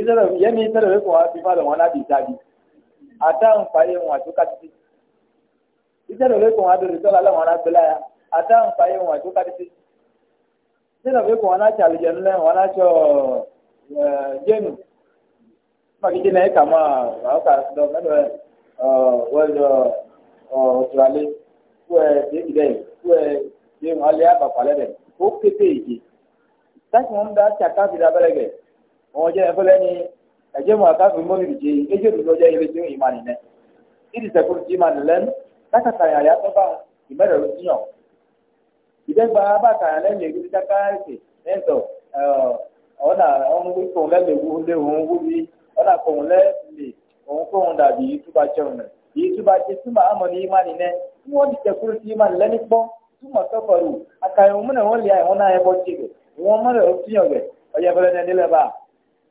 Speaker 1: itɛrɛ yɛ mi itɛrɛ bɛ kɔn afi fa lɛ wɔn na bi ta bi ata nfa yɛ wɔn ato katiti itɛrɛ bɛ kɔn ado ritɔ la lɛ wɔn na gbɛlɛ ya ata nfa yɛ wɔn ato katiti itɛrɛ bɛ kɔn na tsi alijɛnu lɛ wɔn na tsɔ ɛɛ jenu makiti na yɛ kama awo ka dɔ mɛ dɔ ɛɛ wɔlɔ ɔ ɔturale kuɛ debi o kete wọn jẹ ẹfọlẹ ni ẹjẹ mu aka fi mọlì dìje ẹjẹ òdodo ọjọ yẹlẹ tí ó yìí máa nìyẹn ìdí sẹkúrú tí máa nìlẹ kákàtà yàrá tó bá ìmẹrẹ ló tiyan ìdẹgba bàtà lẹnu èyí tí káká ẹsẹ ẹsọ ọ̀nà ọ̀hún lẹ́nu léhùn wúbi ọ̀nà kọ̀hún lẹ́nu òun kọ̀hún dàbí ìtúbà jẹun rẹ̀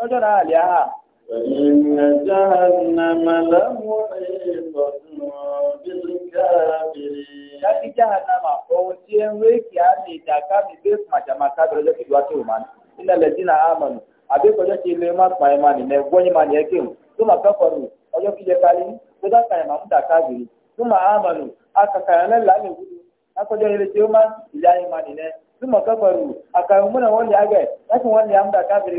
Speaker 1: lọ́jọ́ náà àlẹ́ àhà. فإن جهنم na بالكافرين. láti جهنم ohun tí ń wé kí á lè dà káàmì bẹ́ẹ̀ fún àjàmà kábìrì ọjọ́ kejì wá sí òmà ní ilẹ̀ lẹ́dínà àmọ̀nù àbẹ́kọ̀ọ́jọ́ ti lè má pa ẹ̀ máa nìyẹn gbọ́nyìn máa nìyẹn kéwù tó máa kẹ́kọ̀ọ́ nù ọjọ́ tó dà tó lẹ́la lè wúlò akọ́jọ́ tí ó má ìlẹ̀ ayé tó nù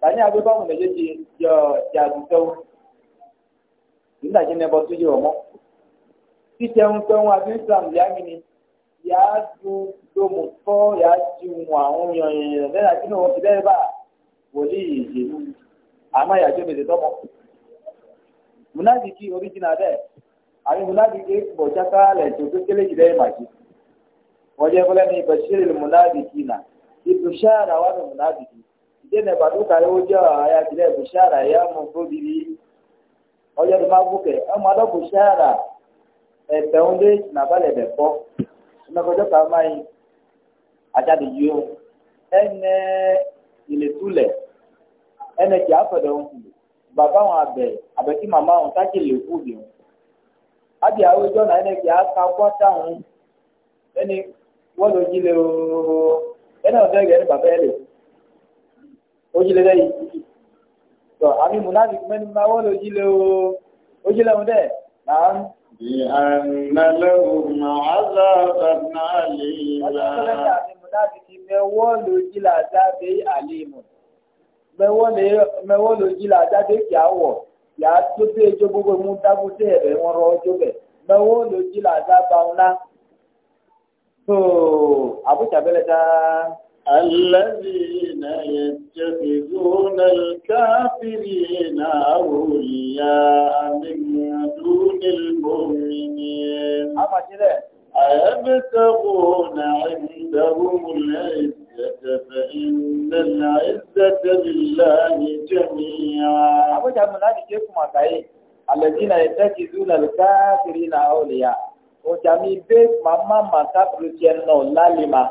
Speaker 1: tani abe ba mu na je je ja du to nda je ne bo tu je omo ti te un to wa bi islam ya mi ni ya du do mu to ya ji mu àwọn yan yan le la ti no ti be ba woli je ama ya je me de to mo munafiki original de ani munafiki bo chaka le to kele ji de ma ji wọ́n jẹ́ fúlẹ́ ní bashir munafiki na ibùsọ̀ àwọn dena baduka ya ojo ya jire bushara ya mu gobiri ojo ma buke ama do bushara e peunde na bale de po na gojo ka mai aja de yo ene ile ene ki afa de bàbá wọn mama wọn taki wọn na ene aka wọn ene ooo ene ẹni ẹ le ojile dɛ yi tɔ ami munafik mɛni ma wɔlɔ ojile o ojile ŋu dɛ naam. bi analewu ma aza bana alila. ɔtɔlɔ ní ami munafik mɛ wɔlɔ ojile aza be alimu mɛ wɔlɔ mɛ wɔlɔ ojile aza be kia wɔ ya tó bɛ edzo gbogbo mu dagu tɛ ɛbɛ wọn rɔ ɔdzo bɛ mɛ wɔlɔ ojile aza ba ŋu na tó abutsa bɛ lɛ الذين يتخذون الكافرين أولياء من دون المؤمنين أيبتغون عندهم العزة فإن العزة لله جميعا الذين يتخذون الكافرين أولياء وجميع بيت ماما ما تبرتين لالما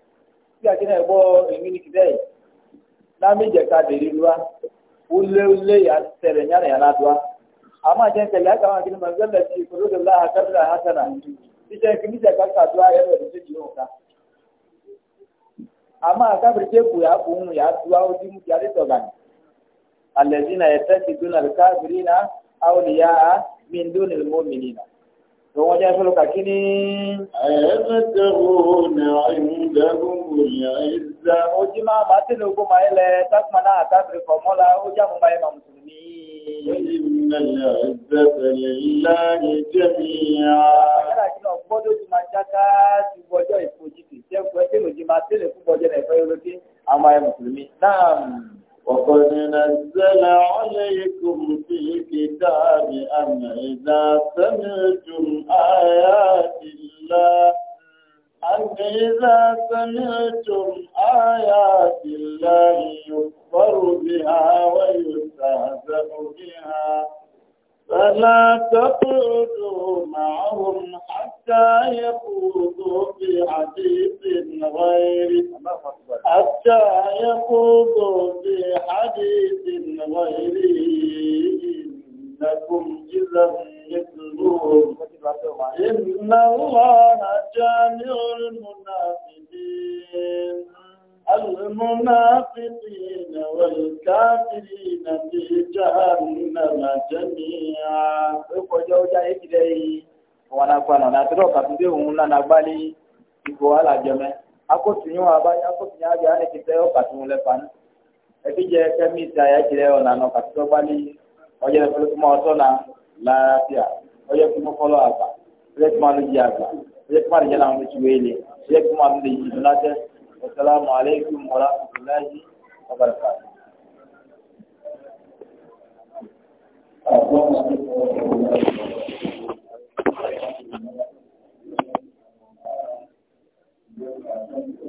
Speaker 1: kí náà gbọ́ èmi ní kìdẹ́ yìí jẹ́ ká dèrè lua ulé ulé yà tẹ̀lẹ̀ nyàrá yà ládùá àmọ́ àjẹ́ nkẹlẹ́ àgbà wọn kìnnìmọ̀ gbẹ́lẹ̀ ti kòlódò láhà kábílà hasana ìjẹ́ nkìnnì jẹ́ tó dùá yẹ lọ́dún tó jì òǹkà àmọ́ àkábìrì jẹ́kù yà kù ń yà dùá ojú mú yà lítọ̀ gàní alẹ́ dínà ẹ̀tẹ́ ti dúnà kábìrì náà àwọn ìyá mi ń dún lọ́wọ́ jẹ́ fẹ́ lókà kí ní. ẹ̀ẹ́dẹ́gbẹ̀rún ní àìmúdẹ́gùn kò ní àìsá. ojú máa máa tẹ̀lé ogun máa lẹ tákùmọ̀ náà tábìlì kan mọ́la ó já mọ́ máa yẹ máa mùsùlùmí. ìnàlẹ̀ ìbẹ̀bẹ̀lẹ̀ láàyè jẹ́mi ya. àgbàlá kí náà gbọ́dọ̀ tó máa jáká ti gbọ́jọ́ ìfojì kì í ṣẹ́kù ẹ́ tẹ̀lé ojú máa tẹ̀lé fún gbọ́jọ́ náà ìfẹ́ وقد نزل عليكم في الكتاب أن إذا سمعتم آيات الله أن إذا سمعتم آيات الله يكفر بها ويستهزأ بها فلا تقعدوا معهم حتى يخوضوا في حديث غير حتى يخوضوا في حديث غير إنكم إذا مثلهم إن الله جامع المنافقين المنافقين والكافرين في جهنم جميعا ọjọ́ ọjà ìkìlẹ̀ yìí wọn náà pa nàná àti lọ́ọ̀kà tó dé òun náà náà gbálẹ̀ ipò alájọmẹ́ akótìyàn abáyé akótìyàn abẹ́ alẹ́kìtẹ́ ọ̀kà tó ń lẹ́pa ní náà tó tó máa tó السلام علیکم ورحمۃ اللہ وبرکاتہ Thank you.